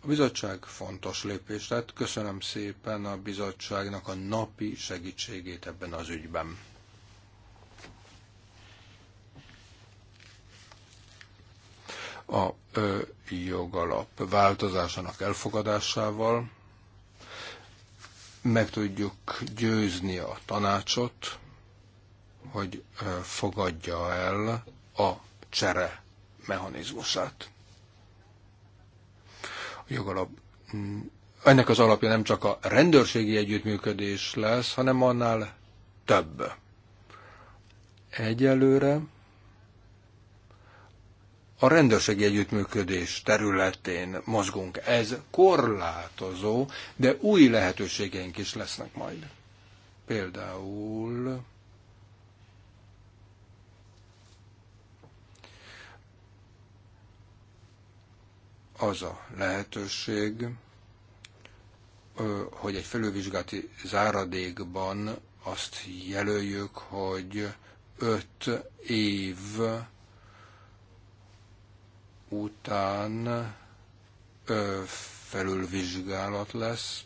[SPEAKER 2] a bizottság fontos lépést tett. Köszönöm szépen a bizottságnak a napi segítségét ebben az ügyben. A ö, jogalap változásának elfogadásával meg tudjuk győzni a tanácsot, hogy fogadja el a csere mechanizmusát jogalap, mm, ennek az alapja nem csak a rendőrségi együttműködés lesz, hanem annál több. Egyelőre a rendőrségi együttműködés területén mozgunk. Ez korlátozó, de új lehetőségeink is lesznek majd. Például az a lehetőség, hogy egy felülvizsgálati záradékban azt jelöljük, hogy öt év után felülvizsgálat lesz,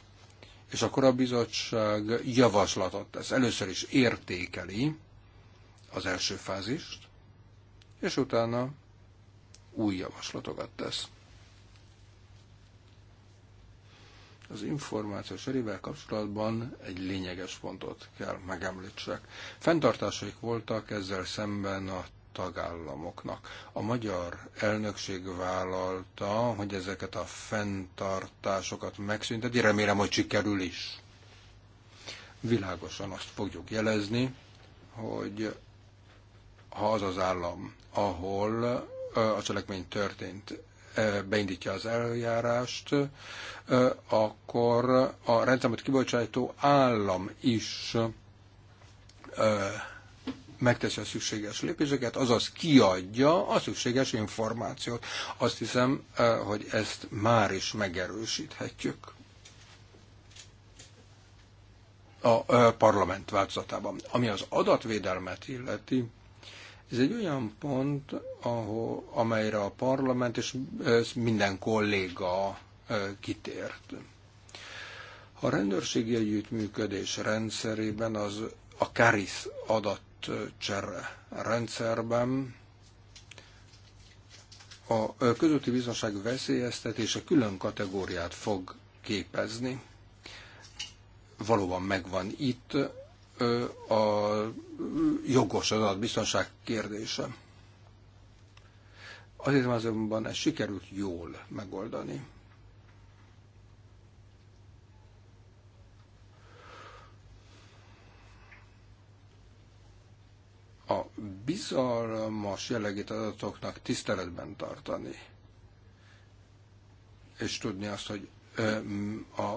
[SPEAKER 2] és akkor a bizottság javaslatot tesz. Először is értékeli az első fázist, és utána új javaslatokat tesz. Az információ cserével kapcsolatban egy lényeges pontot kell megemlítsek. Fentartásaik voltak ezzel szemben a tagállamoknak. A magyar elnökség vállalta, hogy ezeket a fenntartásokat megszünteti, remélem, hogy sikerül is. Világosan azt fogjuk jelezni, hogy ha az az állam, ahol a cselekmény történt, beindítja az eljárást, akkor a rendszámot kibocsátó állam is megteszi a szükséges lépéseket, azaz kiadja a szükséges információt. Azt hiszem, hogy ezt már is megerősíthetjük a parlament változatában. Ami az adatvédelmet illeti, ez egy olyan pont, ahol, amelyre a parlament és minden kolléga kitért. A rendőrségi együttműködés rendszerében az a CARIS adatcsere rendszerben a közötti biztonság veszélyeztetése külön kategóriát fog képezni. Valóban megvan itt a jogos az adatbiztonság kérdése. Azért azonban ezt sikerült jól megoldani. A bizalmas jellegét adatoknak tiszteletben tartani, és tudni azt, hogy a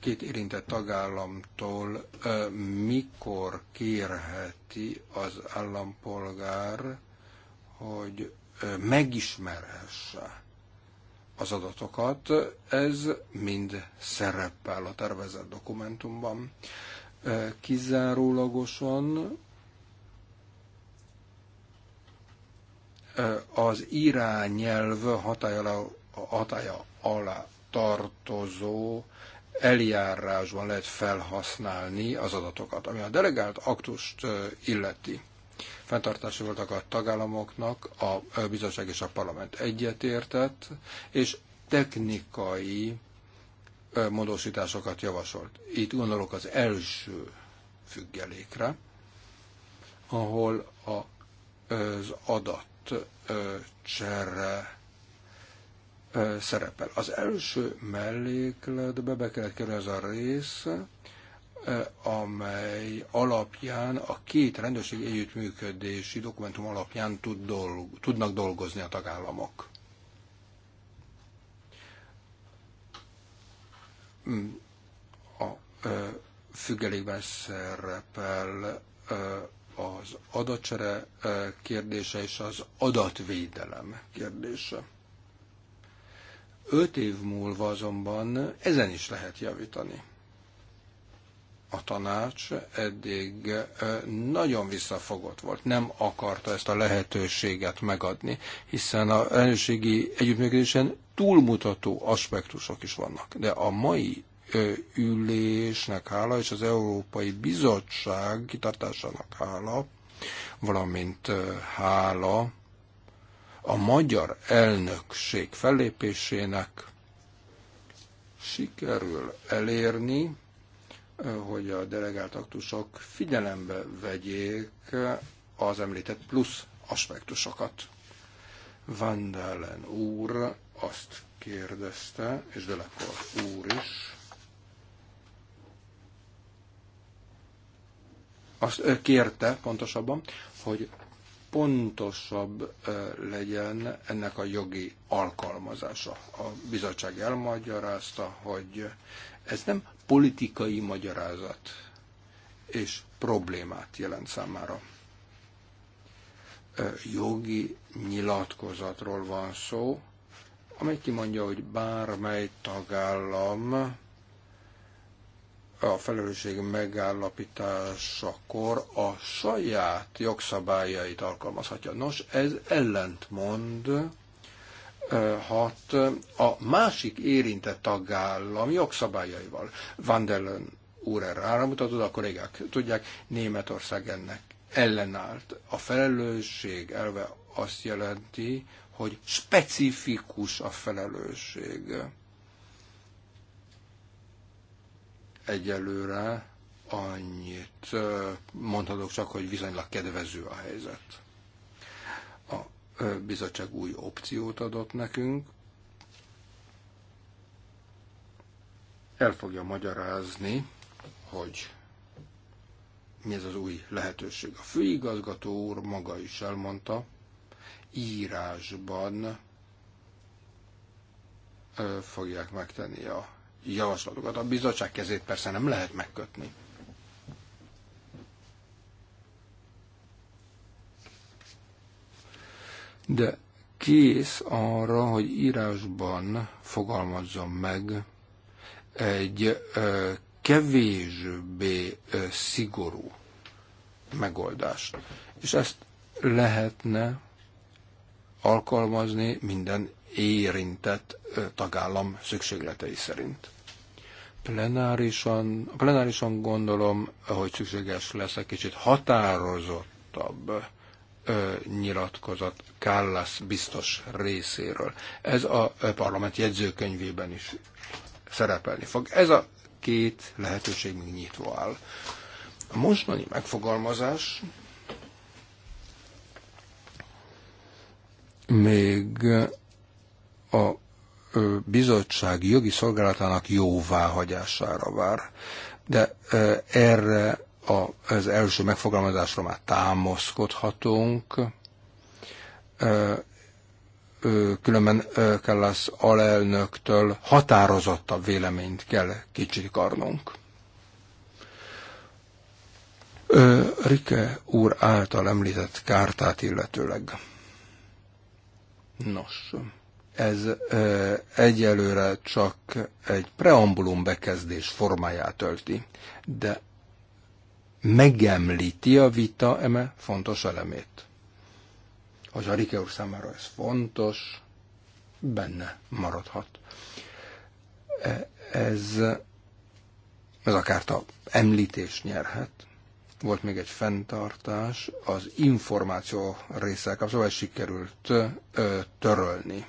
[SPEAKER 2] két érintett tagállamtól mikor kérheti az állampolgár, hogy megismerhesse az adatokat, ez mind szerepel a tervezett dokumentumban. Kizárólagosan az irányelv hatája alá, alá tartozó eljárásban lehet felhasználni az adatokat, ami a delegált aktust illeti. fenntartási voltak a tagállamoknak, a bizottság és a parlament egyetértett, és technikai módosításokat javasolt. Itt gondolok az első függelékre, ahol a, az adat cserre szerepel. Az első mellékletbe be kellett kerülni az a rész, amely alapján a két rendőrség együttműködési dokumentum alapján tud dolg, tudnak dolgozni a tagállamok. Hmm. A függelékben szerepel az adatcsere kérdése és az adatvédelem kérdése. Öt év múlva azonban ezen is lehet javítani. A tanács eddig nagyon visszafogott volt, nem akarta ezt a lehetőséget megadni, hiszen a rendőrségi együttműködésen túlmutató aspektusok is vannak. De a mai ülésnek hála, és az Európai Bizottság kitartásának hála, valamint hála a magyar elnökség fellépésének sikerül elérni, hogy a delegált aktusok figyelembe vegyék az említett plusz aspektusokat. Vandalen úr azt kérdezte, és Delekor úr is, azt kérte pontosabban, hogy pontosabb legyen ennek a jogi alkalmazása. A bizottság elmagyarázta, hogy ez nem politikai magyarázat és problémát jelent számára. Jogi nyilatkozatról van szó, amely kimondja, hogy bármely tagállam a felelősség megállapításakor a saját jogszabályait alkalmazhatja. Nos, ez ellentmond hat a másik érintett tagállam jogszabályaival. Van der úr erre rámutatott, a kollégák tudják, Németország ennek ellenállt. A felelősség elve azt jelenti, hogy specifikus a felelősség egyelőre annyit mondhatok csak, hogy viszonylag kedvező a helyzet. A bizottság új opciót adott nekünk, el fogja magyarázni, hogy mi ez az új lehetőség. A főigazgató úr maga is elmondta, írásban fogják megtenni a javaslatokat. A bizottság kezét persze nem lehet megkötni. De kész arra, hogy írásban fogalmazzon meg egy kevésbé szigorú megoldást. És ezt lehetne alkalmazni minden érintett tagállam szükségletei szerint plenárisan, plenárisan gondolom, hogy szükséges lesz egy kicsit határozottabb ö, nyilatkozat Kállász biztos részéről. Ez a parlament jegyzőkönyvében is szerepelni fog. Ez a két lehetőség még nyitva áll. A mostani megfogalmazás még a bizottság jogi szolgálatának jóváhagyására vár. De erre az első megfogalmazásra már támaszkodhatunk, különben kell az alelnöktől határozottabb véleményt kell kicsit karnunk. Rike úr által említett kártát illetőleg. Nos ez egyelőre csak egy preambulum bekezdés formáját ölti, de megemlíti a vita eme fontos elemét. Hogy a Rike úr számára ez fontos, benne maradhat. E, ez, ez akár a említés nyerhet. Volt még egy fenntartás az információ része kapcsolatban, sikerült ö, törölni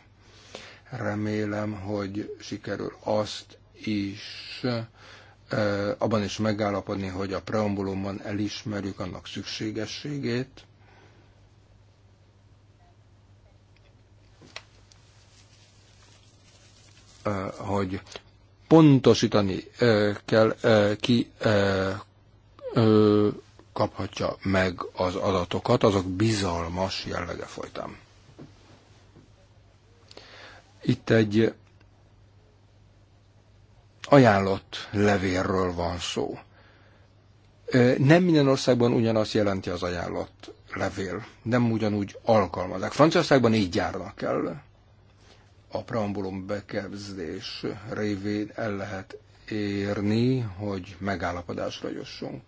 [SPEAKER 2] Remélem, hogy sikerül azt is abban is megállapodni, hogy a preambulumban elismerjük annak szükségességét, hogy pontosítani kell, ki kaphatja meg az adatokat, azok bizalmas jellege folytán. Itt egy ajánlott levélről van szó. Nem minden országban ugyanazt jelenti az ajánlott levél. Nem ugyanúgy alkalmazzák. Franciaországban így járnak el. A preambulum bekezdés révén el lehet érni, hogy megállapodásra jussunk.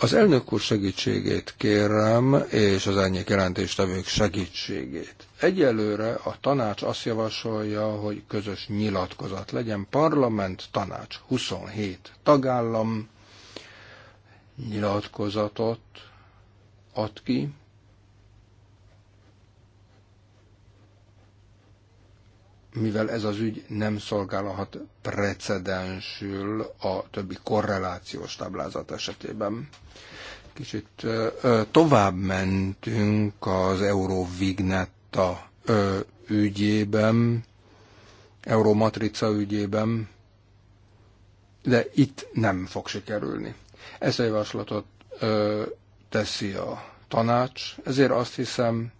[SPEAKER 2] Az elnök úr segítségét kérem, és az árnyék jelentéstevők segítségét. Egyelőre a tanács azt javasolja, hogy közös nyilatkozat legyen. Parlament, tanács, 27 tagállam nyilatkozatot ad ki mivel ez az ügy nem szolgálhat precedensül a többi korrelációs táblázat esetében. Kicsit tovább mentünk az Eurovignetta ügyében, Euromatrica ügyében, de itt nem fog sikerülni. Ezt a javaslatot teszi a tanács, ezért azt hiszem,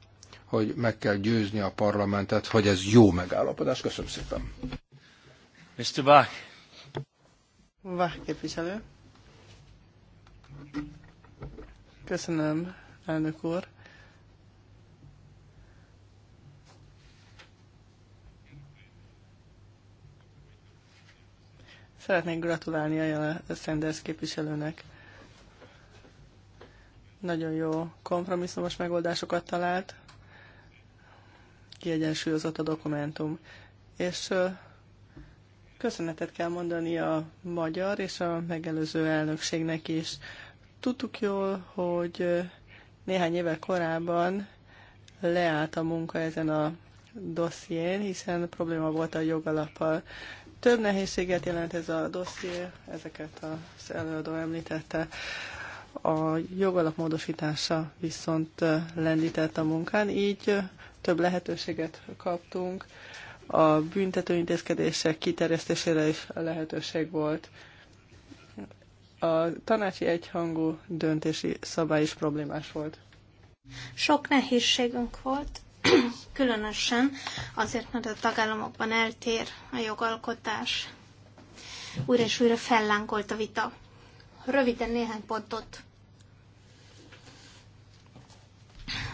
[SPEAKER 2] hogy meg kell győzni a parlamentet, hogy ez jó megállapodás. Köszönöm szépen. Mr. Bach.
[SPEAKER 3] Bach képviselő. Köszönöm, elnök úr. Szeretnék gratulálni a Sanders képviselőnek. Nagyon jó kompromisszumos megoldásokat talált kiegyensúlyozott a dokumentum. És köszönetet kell mondani a magyar és a megelőző elnökségnek is. Tudtuk jól, hogy néhány éve korábban leállt a munka ezen a dosszién, hiszen probléma volt a jogalappal. Több nehézséget jelent ez a dosszié, ezeket az előadó említette. A jogalap módosítása viszont lendített a munkán, így több lehetőséget kaptunk. A büntetőintézkedések kiterjesztésére is lehetőség volt. A tanácsi egyhangú döntési szabály is problémás volt.
[SPEAKER 1] Sok nehézségünk volt, különösen azért, mert a tagállamokban eltér a jogalkotás. Újra és újra fellánkolt a vita. Röviden néhány pontot.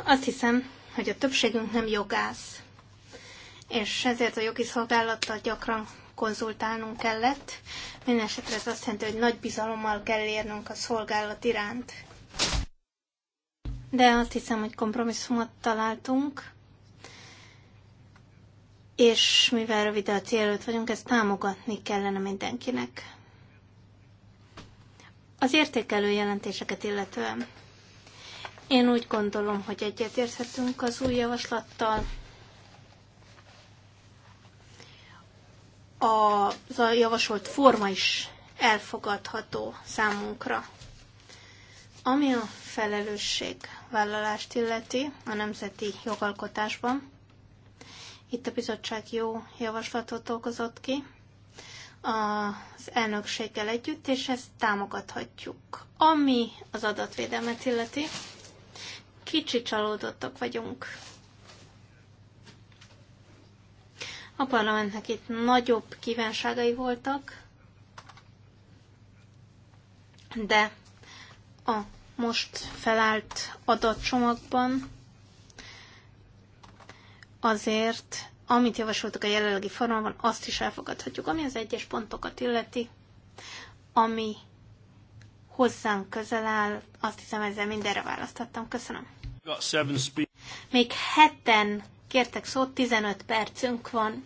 [SPEAKER 1] Azt hiszem, hogy a többségünk nem jogász, és ezért a jogi szolgálattal gyakran konzultálnunk kellett. Mindenesetre ez azt jelenti, hogy nagy bizalommal kell érnünk a szolgálat iránt. De azt hiszem, hogy kompromisszumot találtunk, és mivel rövid a cél vagyunk, ezt támogatni kellene mindenkinek. Az értékelő jelentéseket illetően én úgy gondolom, hogy egyetérthetünk az új javaslattal. Az a javasolt forma is elfogadható számunkra. Ami a felelősségvállalást illeti a nemzeti jogalkotásban, itt a bizottság jó javaslatot okozott ki az elnökséggel együtt, és ezt támogathatjuk. Ami az adatvédelmet illeti, kicsi csalódottak vagyunk. A parlamentnek itt nagyobb kívánságai voltak, de a most felállt adatcsomagban azért, amit javasoltak a jelenlegi formában, azt is elfogadhatjuk, ami az egyes pontokat illeti, ami hozzánk közel áll, azt hiszem ezzel mindenre választottam. Köszönöm. Még heten kértek szót, 15 percünk van,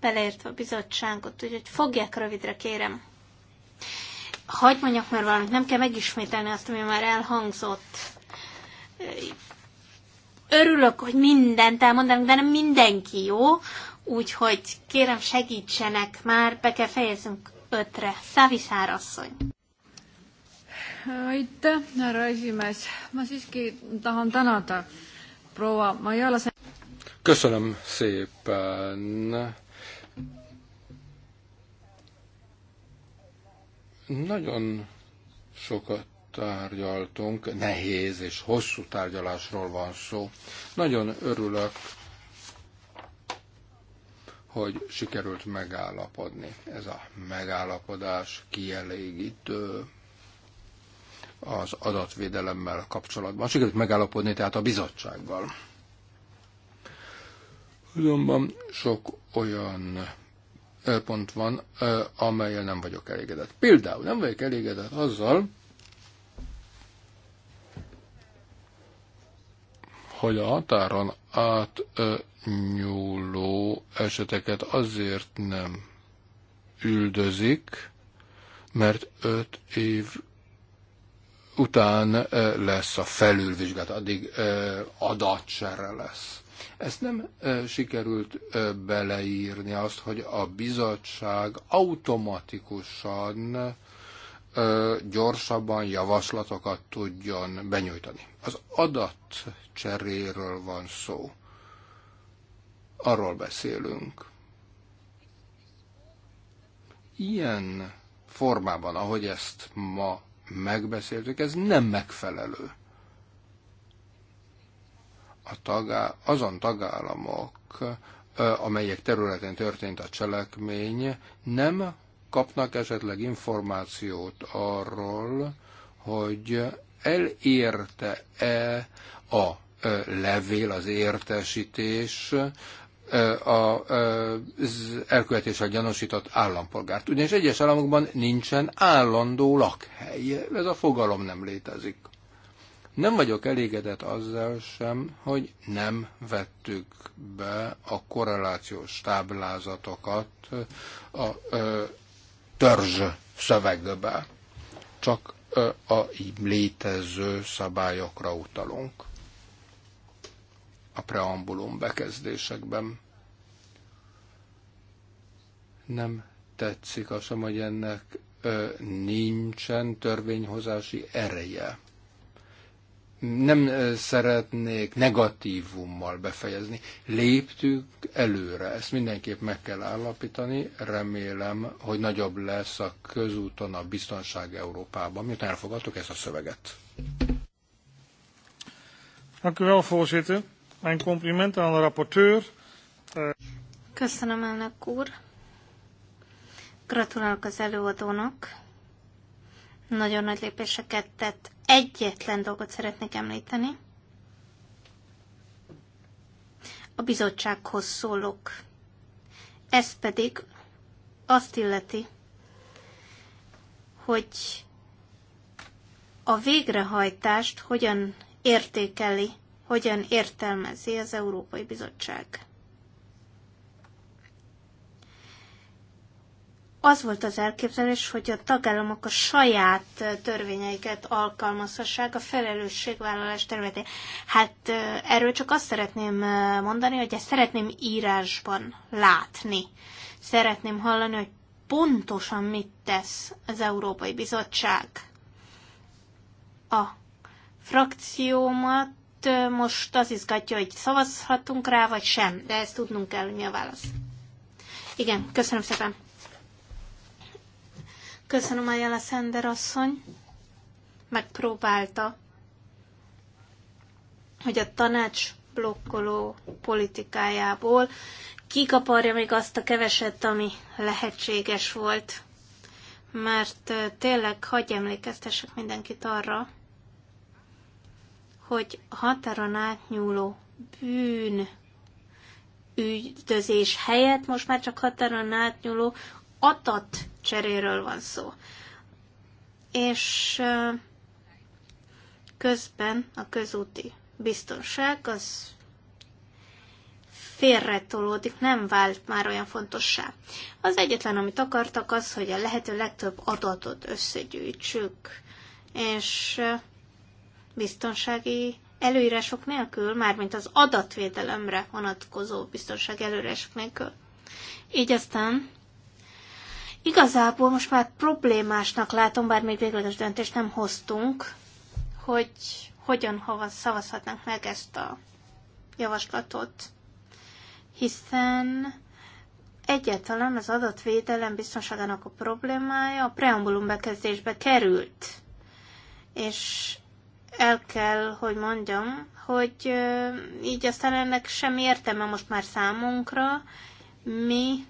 [SPEAKER 1] beleértve a bizottságot, úgyhogy fogják rövidre, kérem. Hagy mondjak már valamit, nem kell megismételni azt, ami már elhangzott. Örülök, hogy mindent elmondanak, de nem mindenki jó, úgyhogy kérem segítsenek már, be kell fejezünk ötre. Szávi Szárasszony aitäh, härra esimees. ma siiski tahan tänada proua Majalasen.
[SPEAKER 2] Köszönöm szépen. Nagyon sokat tárgyaltunk, nehéz és hosszú tárgyalásról van szó. Nagyon örülök, hogy sikerült megállapodni. Ez a megállapodás kielégítő az adatvédelemmel kapcsolatban. Sikerült megállapodni tehát a bizottsággal. Azonban sok olyan pont van, amelyel nem vagyok elégedett. Például nem vagyok elégedett azzal, hogy a határon átnyúló eseteket azért nem üldözik, mert öt év után lesz a felülvizsgálat, addig adatsere lesz. Ezt nem sikerült beleírni azt, hogy a bizottság automatikusan gyorsabban javaslatokat tudjon benyújtani. Az adatcseréről van szó. Arról beszélünk. Ilyen formában, ahogy ezt ma megbeszéltük, ez nem megfelelő. A tagá, azon tagállamok, amelyek területén történt a cselekmény, nem kapnak esetleg információt arról, hogy elérte-e a levél, az értesítés az elkövetéssel gyanúsított állampolgárt. Ugyanis egyes államokban nincsen állandó lakhely, ez a fogalom nem létezik. Nem vagyok elégedett azzal sem, hogy nem vettük be a korrelációs táblázatokat a törzs szövegbe. Csak a létező szabályokra utalunk a preambulum bekezdésekben. Nem tetszik az hogy ennek nincsen törvényhozási ereje. Nem szeretnék negatívummal befejezni. Léptük előre, ezt mindenképp meg kell állapítani. Remélem, hogy nagyobb lesz a közúton a biztonság Európában, miután elfogadtuk ezt a szöveget.
[SPEAKER 1] Dank u wel, voorzitter. Mijn complimenten aan de rapporteur. Köszönöm, elnök úr. Gratulálok az előadónak. Nagyon nagy lépéseket tett. Egyetlen dolgot szeretnék említeni. A bizottsághoz szólok. Ez pedig azt illeti, hogy a végrehajtást hogyan értékeli hogyan értelmezi az Európai Bizottság. Az volt az elképzelés, hogy a tagállamok a saját törvényeiket alkalmazhassák a felelősségvállalás területén. Hát erről csak azt szeretném mondani, hogy ezt szeretném írásban látni. Szeretném hallani, hogy pontosan mit tesz az Európai Bizottság. A frakciómat itt most az izgatja, hogy szavazhatunk rá, vagy sem, de ezt tudnunk kell, hogy mi a válasz. Igen, köszönöm szépen. Köszönöm a Jela Szender asszony. Megpróbálta, hogy a tanács blokkoló politikájából kikaparja még azt a keveset, ami lehetséges volt. Mert tényleg hagyj emlékeztessek mindenkit arra, hogy határon átnyúló bűn üldözés helyett most már csak határon átnyúló atat cseréről van szó. És közben a közúti biztonság az félretolódik, nem vált már olyan fontossá. Az egyetlen, amit akartak, az, hogy a lehető legtöbb adatot összegyűjtsük, és biztonsági előírások nélkül, mármint az adatvédelemre vonatkozó biztonsági előírások nélkül. Így aztán igazából most már problémásnak látom, bár még végleges döntést nem hoztunk, hogy hogyan hova szavazhatnánk meg ezt a javaslatot, hiszen egyáltalán az adatvédelem biztonságának a problémája a preambulum bekezdésbe került, és el kell, hogy mondjam, hogy így aztán ennek sem értem most már számunkra. Mi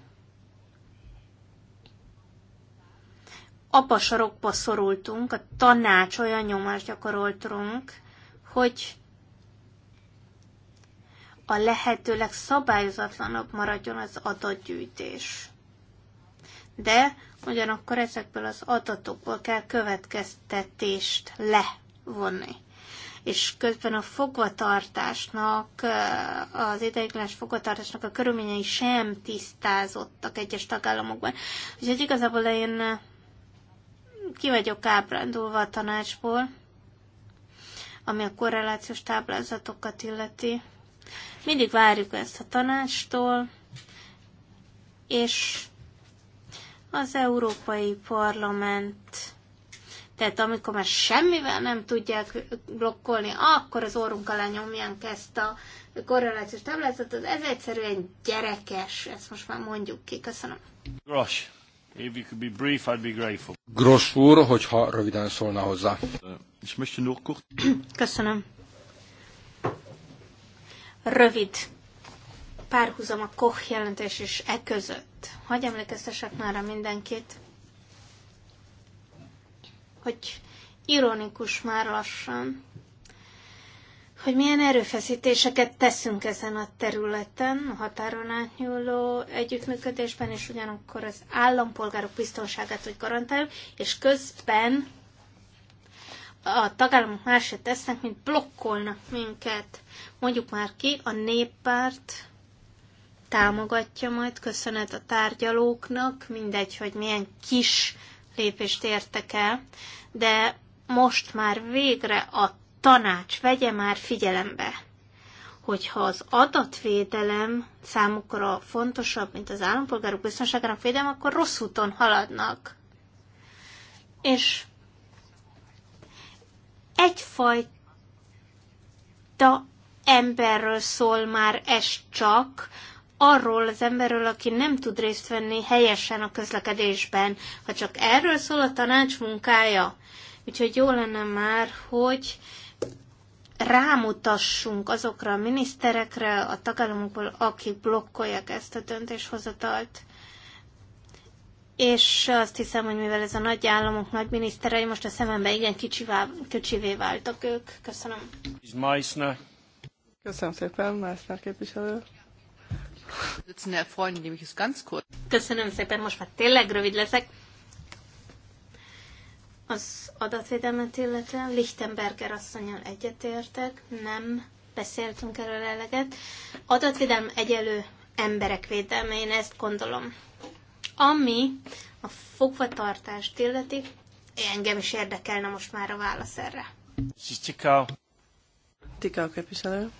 [SPEAKER 1] apasarokba szorultunk, a tanács olyan nyomást gyakoroltunk, hogy a lehetőleg szabályozatlanabb maradjon az adatgyűjtés. De ugyanakkor ezekből az adatokból kell következtetést le vonni. És közben a fogvatartásnak, az ideiglenes fogvatartásnak a körülményei sem tisztázottak egyes tagállamokban. Úgyhogy igazából én ki vagyok ábrándulva a tanácsból, ami a korrelációs táblázatokat illeti. Mindig várjuk ezt a tanácstól, és az Európai Parlament tehát amikor már semmivel nem tudják blokkolni, akkor az orrunk alá nyomják ezt a korrelációs táblázatot. Ez egyszerűen gyerekes, ezt most már mondjuk ki. Köszönöm. Gross. If you could be brief, I'd be grateful. Gross
[SPEAKER 2] úr, hogyha röviden szólna hozzá. Eh, és
[SPEAKER 1] Köszönöm. Rövid párhuzam a Koch jelentés és e között. Hogy emlékeztesek már a mindenkit? hogy ironikus már lassan, hogy milyen erőfeszítéseket teszünk ezen a területen, a határon átnyúló együttműködésben, és ugyanakkor az állampolgárok biztonságát, hogy garantáljuk, és közben a tagállamok másért tesznek, mint blokkolnak minket. Mondjuk már ki, a néppárt támogatja majd, köszönet a tárgyalóknak, mindegy, hogy milyen kis lépést értek el, de most már végre a tanács vegye már figyelembe, hogyha az adatvédelem számukra fontosabb, mint az állampolgárok biztonságának védelme, akkor rossz úton haladnak. És egyfajta emberről szól már ez csak, arról az emberről, aki nem tud részt venni helyesen a közlekedésben. Ha csak erről szól a tanács munkája, úgyhogy jó lenne már, hogy rámutassunk azokra a miniszterekre, a tagállamokból, akik blokkolják ezt a döntéshozatalt. És azt hiszem, hogy mivel ez a nagy államok nagy miniszterei, most a szemembe igen kicsivá, kicsivé váltak ők. Köszönöm. Köszönöm
[SPEAKER 3] szépen, Meissner képviselő.
[SPEAKER 1] Köszönöm szépen, most már tényleg rövid leszek. Az adatvédelmet illetően Lichtenberger asszonyal egyetértek, nem beszéltünk erről eleget. Adatvédelm egyelő emberek védelme, én ezt gondolom. Ami a fogvatartást illeti, engem is érdekelne most már a válasz erre. Tikau képviselő.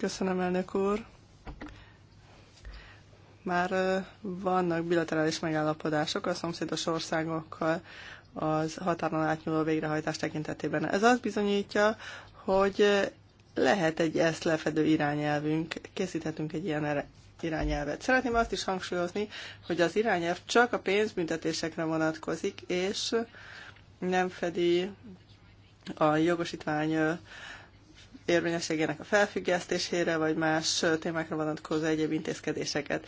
[SPEAKER 3] Köszönöm, elnök úr. Már vannak bilaterális megállapodások a szomszédos országokkal az határon átnyúló végrehajtás tekintetében. Ez azt bizonyítja, hogy lehet egy ezt lefedő irányelvünk, készíthetünk egy ilyen irányelvet. Szeretném azt is hangsúlyozni, hogy az irányelv csak a pénzbüntetésekre vonatkozik, és nem fedi a jogosítvány érvényességének a felfüggesztésére, vagy más témákra vonatkozó egyéb intézkedéseket.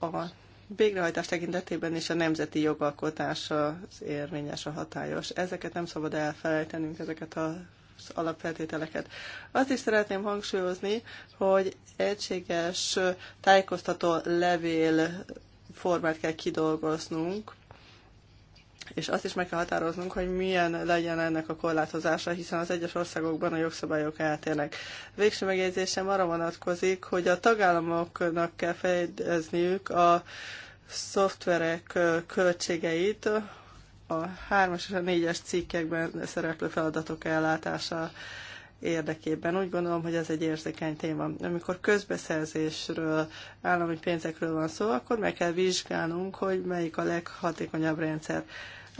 [SPEAKER 3] A végrehajtás tekintetében is a nemzeti jogalkotás az érvényes, a hatályos. Ezeket nem szabad elfelejtenünk, ezeket a az alapfeltételeket. Azt is szeretném hangsúlyozni, hogy egységes tájékoztató levél formát kell kidolgoznunk, és azt is meg kell határoznunk, hogy milyen legyen ennek a korlátozása, hiszen az egyes országokban a jogszabályok eltérnek. Végső megjegyzésem arra vonatkozik, hogy a tagállamoknak kell fejezniük a szoftverek költségeit a 3-as és a 4-es cikkekben szereplő feladatok ellátása érdekében. Úgy gondolom, hogy ez egy érzékeny téma. Amikor közbeszerzésről, állami pénzekről van szó, akkor meg kell vizsgálnunk, hogy melyik a leghatékonyabb rendszer.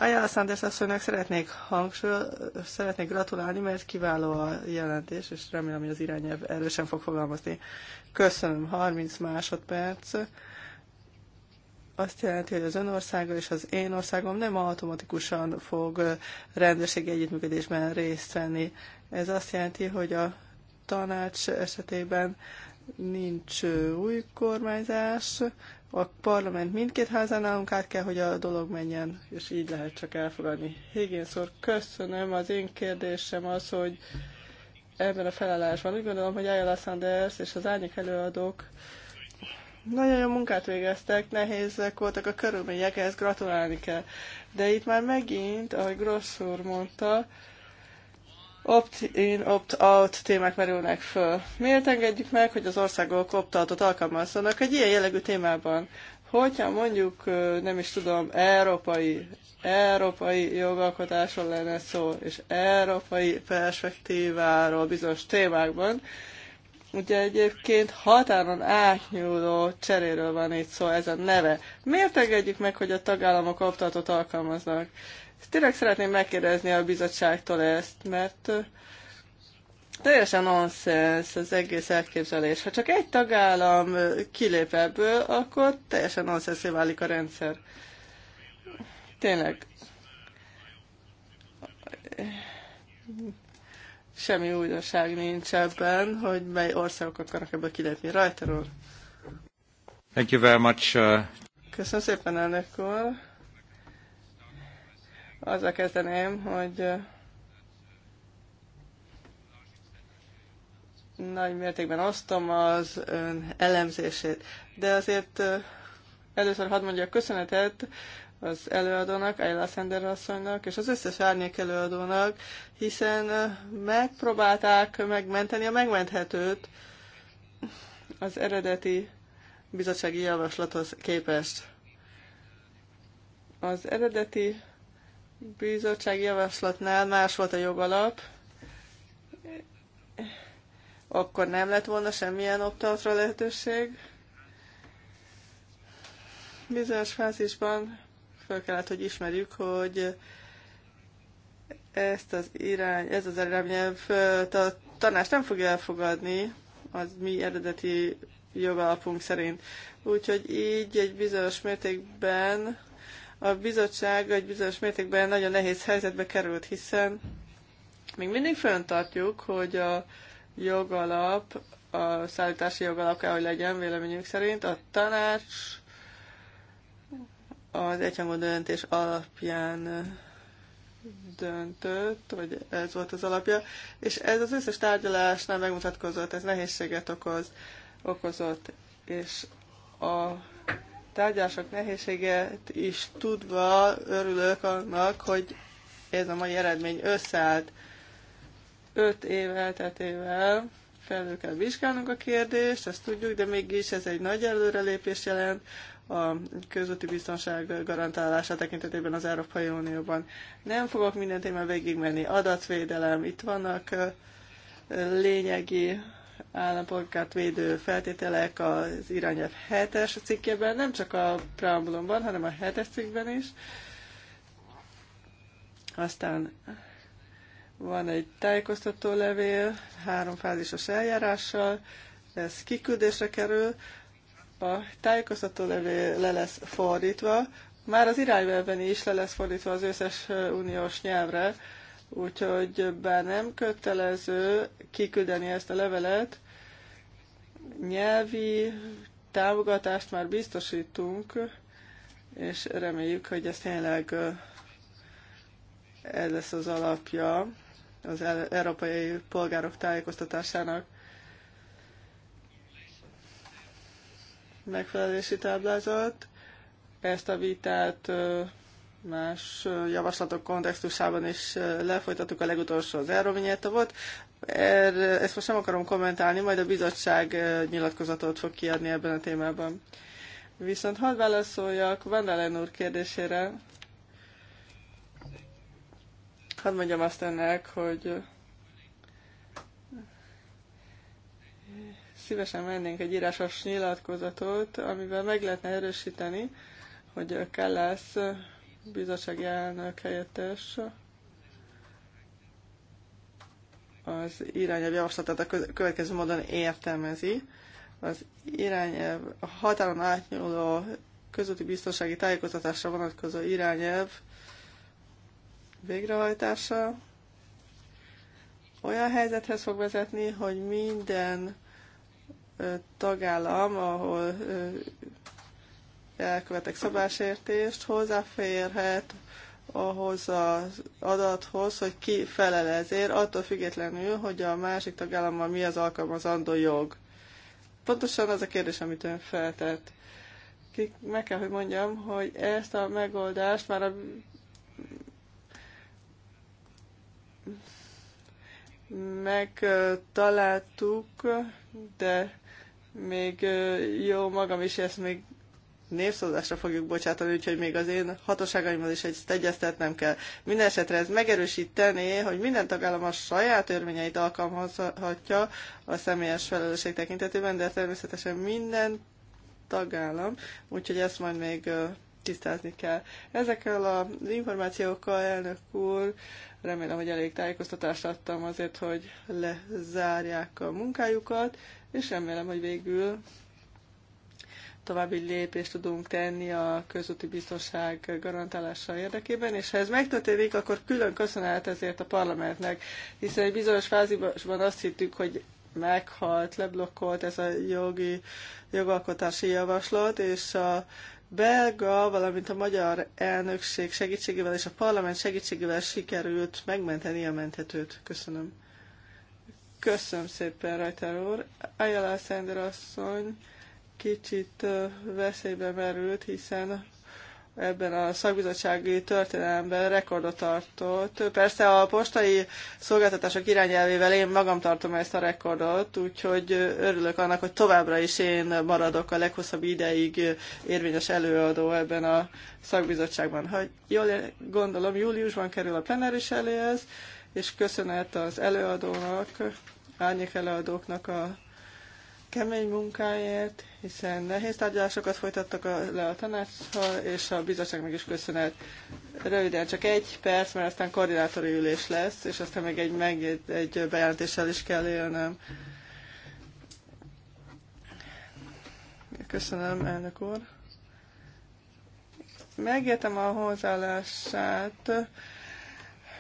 [SPEAKER 3] Ajala Sanders asszonynak szeretnék hangsúly, szeretnék gratulálni, mert kiváló a jelentés, és remélem, hogy az irányelv erősen fog fogalmazni. Köszönöm, 30 másodperc. Azt jelenti, hogy az ön országa és az én országom nem automatikusan fog rendőrségi együttműködésben részt venni. Ez azt jelenti, hogy a tanács esetében nincs új kormányzás, a parlament mindkét házán állunk, át kell, hogy a dolog menjen, és így lehet csak elfogadni. Higgins köszönöm. Az én kérdésem az, hogy ebben a felállásban úgy gondolom, hogy Ayala Sanders és az árnyék előadók nagyon jó munkát végeztek, nehézek voltak a körülmények, ezt gratulálni kell. De itt már megint, ahogy Grossz úr mondta, opt-in, opt-out témák merülnek föl. Miért engedjük meg, hogy az országok opt-outot alkalmazzanak egy ilyen jellegű témában? Hogyha mondjuk, nem is tudom, európai, európai jogalkotásról lenne szó, és európai perspektíváról bizonyos témákban, Ugye egyébként határon átnyúló cseréről van itt szó, ez a neve. Miért engedjük meg, hogy a tagállamok optatot alkalmaznak? Tényleg szeretném megkérdezni a bizottságtól ezt, mert teljesen nonsens az egész elképzelés. Ha csak egy tagállam kilép ebből, akkor teljesen nonsensé válik a rendszer. Tényleg. Semmi újdonság nincs ebben, hogy mely országok akarnak ebből kilépni. Rajta
[SPEAKER 2] Thank you very much. Uh...
[SPEAKER 3] Köszönöm szépen, elnök úr. Azzal kezdeném, hogy nagy mértékben osztom az ön elemzését. De azért először hadd a köszönetet az előadónak, Ayla Sender asszonynak, és az összes árnyék előadónak, hiszen megpróbálták megmenteni a megmenthetőt az eredeti bizottsági javaslathoz képest. Az eredeti bizottsági javaslatnál más volt a jogalap, akkor nem lett volna semmilyen optatra lehetőség. Bizonyos fázisban föl kellett, hogy ismerjük, hogy ezt az irány, ez az irányelv a tanács nem fogja elfogadni az mi eredeti jogalapunk szerint. Úgyhogy így egy bizonyos mértékben a bizottság egy bizonyos mértékben nagyon nehéz helyzetbe került, hiszen még mindig föntartjuk, hogy a jogalap, a szállítási jogalap kell, hogy legyen véleményünk szerint, a tanács az egyhangú döntés alapján döntött, vagy ez volt az alapja, és ez az összes tárgyalásnál megmutatkozott, ez nehézséget okoz, okozott, és a tárgyások nehézséget is tudva örülök annak, hogy ez a mai eredmény összeállt. Öt év elteltével felül kell vizsgálnunk a kérdést, ezt tudjuk, de mégis ez egy nagy előrelépés jelent a közúti biztonság garantálása tekintetében az Európai Unióban. Nem fogok minden témán végigmenni. Adatvédelem, itt vannak lényegi állampolgárt védő feltételek az irányelv 7-es cikkében, nem csak a preambulumban, hanem a 7-es cikkben is. Aztán van egy tájékoztató levél, három fázisos eljárással, ez kiküldésre kerül, a tájékoztató levél le lesz fordítva, már az irányelvben is le lesz fordítva az összes uniós nyelvre, Úgyhogy bár nem kötelező kiküldeni ezt a levelet, nyelvi támogatást már biztosítunk, és reméljük, hogy ez tényleg ez lesz az alapja az európai polgárok tájékoztatásának. Megfelelési táblázat. Ezt a vitát más javaslatok kontextusában is lefolytattuk, a legutolsó az volt. Erre, ezt most nem akarom kommentálni, majd a bizottság nyilatkozatot fog kiadni ebben a témában. Viszont hadd válaszoljak Vandalen úr kérdésére. Hadd mondjam azt ennek, hogy szívesen vennénk egy írásos nyilatkozatot, amivel meg lehetne erősíteni, hogy kell lesz bizottsági elnök helyettes az irányelv javaslatát a következő módon értelmezi. Az irányelv, a határon átnyúló közötti biztonsági tájékoztatásra vonatkozó irányelv végrehajtása olyan helyzethez fog vezetni, hogy minden tagállam, ahol elkövetek szabásértést, hozzáférhet ahhoz az adathoz, hogy ki felel ezért, attól függetlenül, hogy a másik tagállammal mi az alkalmazandó jog. Pontosan az a kérdés, amit ön feltett. meg kell, hogy mondjam, hogy ezt a megoldást már a megtaláltuk, de még jó magam is ezt még népszózásra fogjuk bocsátani, úgyhogy még az én hatóságaimmal is egy egyeztetnem kell. Mindenesetre ez megerősítené, hogy minden tagállam a saját törvényeit alkalmazhatja a személyes felelősség tekintetében, de természetesen minden tagállam, úgyhogy ezt majd még tisztázni kell. Ezekkel az információkkal, elnök úr, remélem, hogy elég tájékoztatást adtam azért, hogy lezárják a munkájukat, és remélem, hogy végül további lépést tudunk tenni a közúti biztonság garantálása érdekében, és ha ez megtörténik, akkor külön köszönet ezért a parlamentnek, hiszen egy bizonyos fázisban azt hittük, hogy meghalt, leblokkolt ez a jogi, jogalkotási javaslat, és a belga, valamint a magyar elnökség segítségével és a parlament segítségével sikerült megmenteni a menthetőt. Köszönöm. Köszönöm szépen, Rajter úr. Ajala Szender asszony kicsit veszélybe merült, hiszen ebben a szakbizottsági történelemben rekordot tartott. Persze a postai szolgáltatások irányelvével én magam tartom ezt a rekordot, úgyhogy örülök annak, hogy továbbra is én maradok a leghosszabb ideig érvényes előadó ebben a szakbizottságban. Ha jól gondolom, júliusban kerül a plenáris eléhez, és köszönet az előadónak, árnyék előadóknak a kemény munkáért, hiszen nehéz tárgyalásokat folytattak a, le a tanácssal, és a meg is köszönhet. Röviden csak egy perc, mert aztán koordinátori ülés lesz, és aztán meg egy, meg egy, egy bejelentéssel is kell élnem. Köszönöm, elnök úr. Megértem a hozzáállását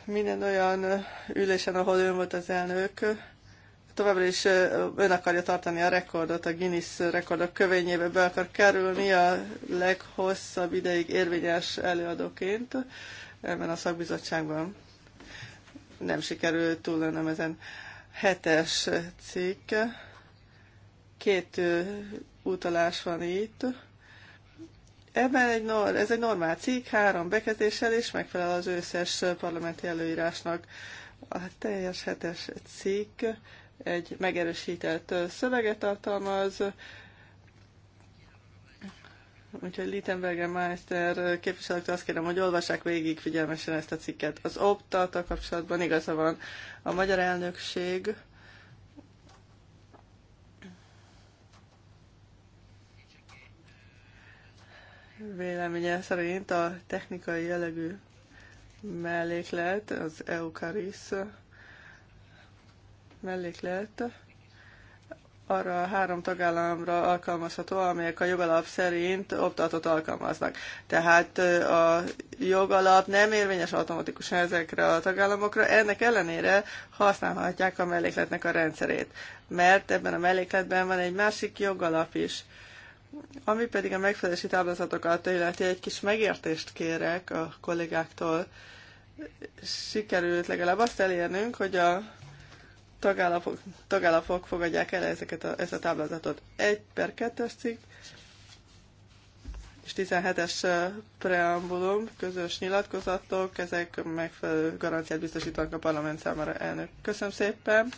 [SPEAKER 3] minden olyan ülésen, ahol ön volt az elnök, továbbra is ön akarja tartani a rekordot, a Guinness rekordok kövényébe be akar kerülni a leghosszabb ideig érvényes előadóként ebben a szakbizottságban. Nem sikerült túl lennem ezen hetes cikk. Két utalás van itt. Ebben egy, ez egy normál cikk, három bekezdéssel, is megfelel az összes parlamenti előírásnak a teljes hetes cikk egy megerősített szöveget tartalmaz, Úgyhogy Littenberger Meister képviselőktől azt kérem, hogy olvassák végig figyelmesen ezt a cikket. Az optata kapcsolatban igaza van a magyar elnökség, véleménye szerint a technikai jellegű melléklet, az EUCARIS melléklet arra a három tagállamra alkalmazható, amelyek a jogalap szerint optatot alkalmaznak. Tehát a jogalap nem érvényes automatikusan ezekre a tagállamokra, ennek ellenére használhatják a mellékletnek a rendszerét, mert ebben a mellékletben van egy másik jogalap is. Ami pedig a megfelelési táblázatokat illeti, egy kis megértést kérek a kollégáktól. Sikerült legalább azt elérnünk, hogy a tagállapok, tagállapok fogadják el ezeket a, ezt a táblázatot. 1 per 2-es cikk és 17-es preambulum, közös nyilatkozatok, ezek megfelelő garanciát biztosítanak a parlament számára elnök. Köszönöm szépen!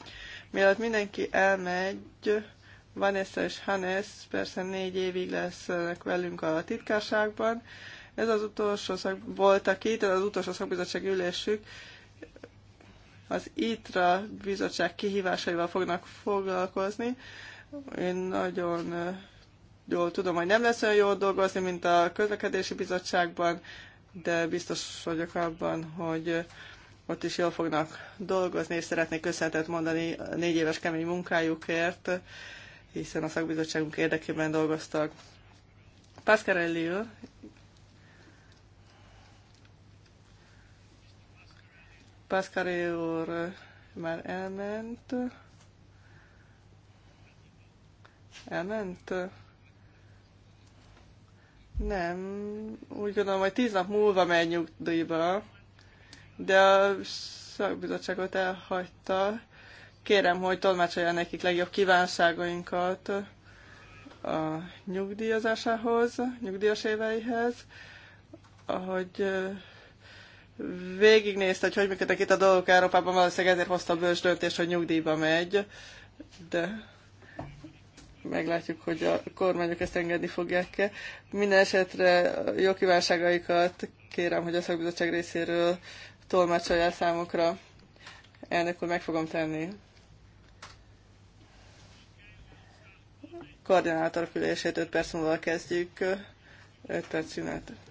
[SPEAKER 3] Mielőtt mindenki elmegy, Vanessa és Hannes persze négy évig lesznek velünk a titkárságban. Ez az utolsó szak, voltak itt, ez az utolsó szakbizottság ülésük, az ITRA bizottság kihívásaival fognak foglalkozni. Én nagyon jól tudom, hogy nem lesz olyan jól dolgozni, mint a közlekedési bizottságban, de biztos vagyok abban, hogy ott is jól fognak dolgozni, és szeretnék köszönetet mondani a négy éves kemény munkájukért, hiszen a szakbizottságunk érdekében dolgoztak. Pascarelli Pascari úr már elment. Elment? Nem, úgy gondolom, hogy tíz nap múlva megy nyugdíjba, de a szakbizottságot elhagyta. Kérem, hogy tolmácsolja nekik legjobb kívánságainkat a nyugdíjazásához, nyugdíjas éveihez, ahogy végignézte, hogy hogy működnek itt a dolgok Európában, valószínűleg ezért hozta a bős döntést, hogy nyugdíjba megy, de meglátjuk, hogy a kormányok ezt engedni fogják-e. Minden esetre jó kívánságaikat kérem, hogy a szakbizottság részéről tolmácsolja számokra. Elnök úr, meg fogom tenni. Koordinátor külését 5 perc múlva kezdjük. 5 perc szünet.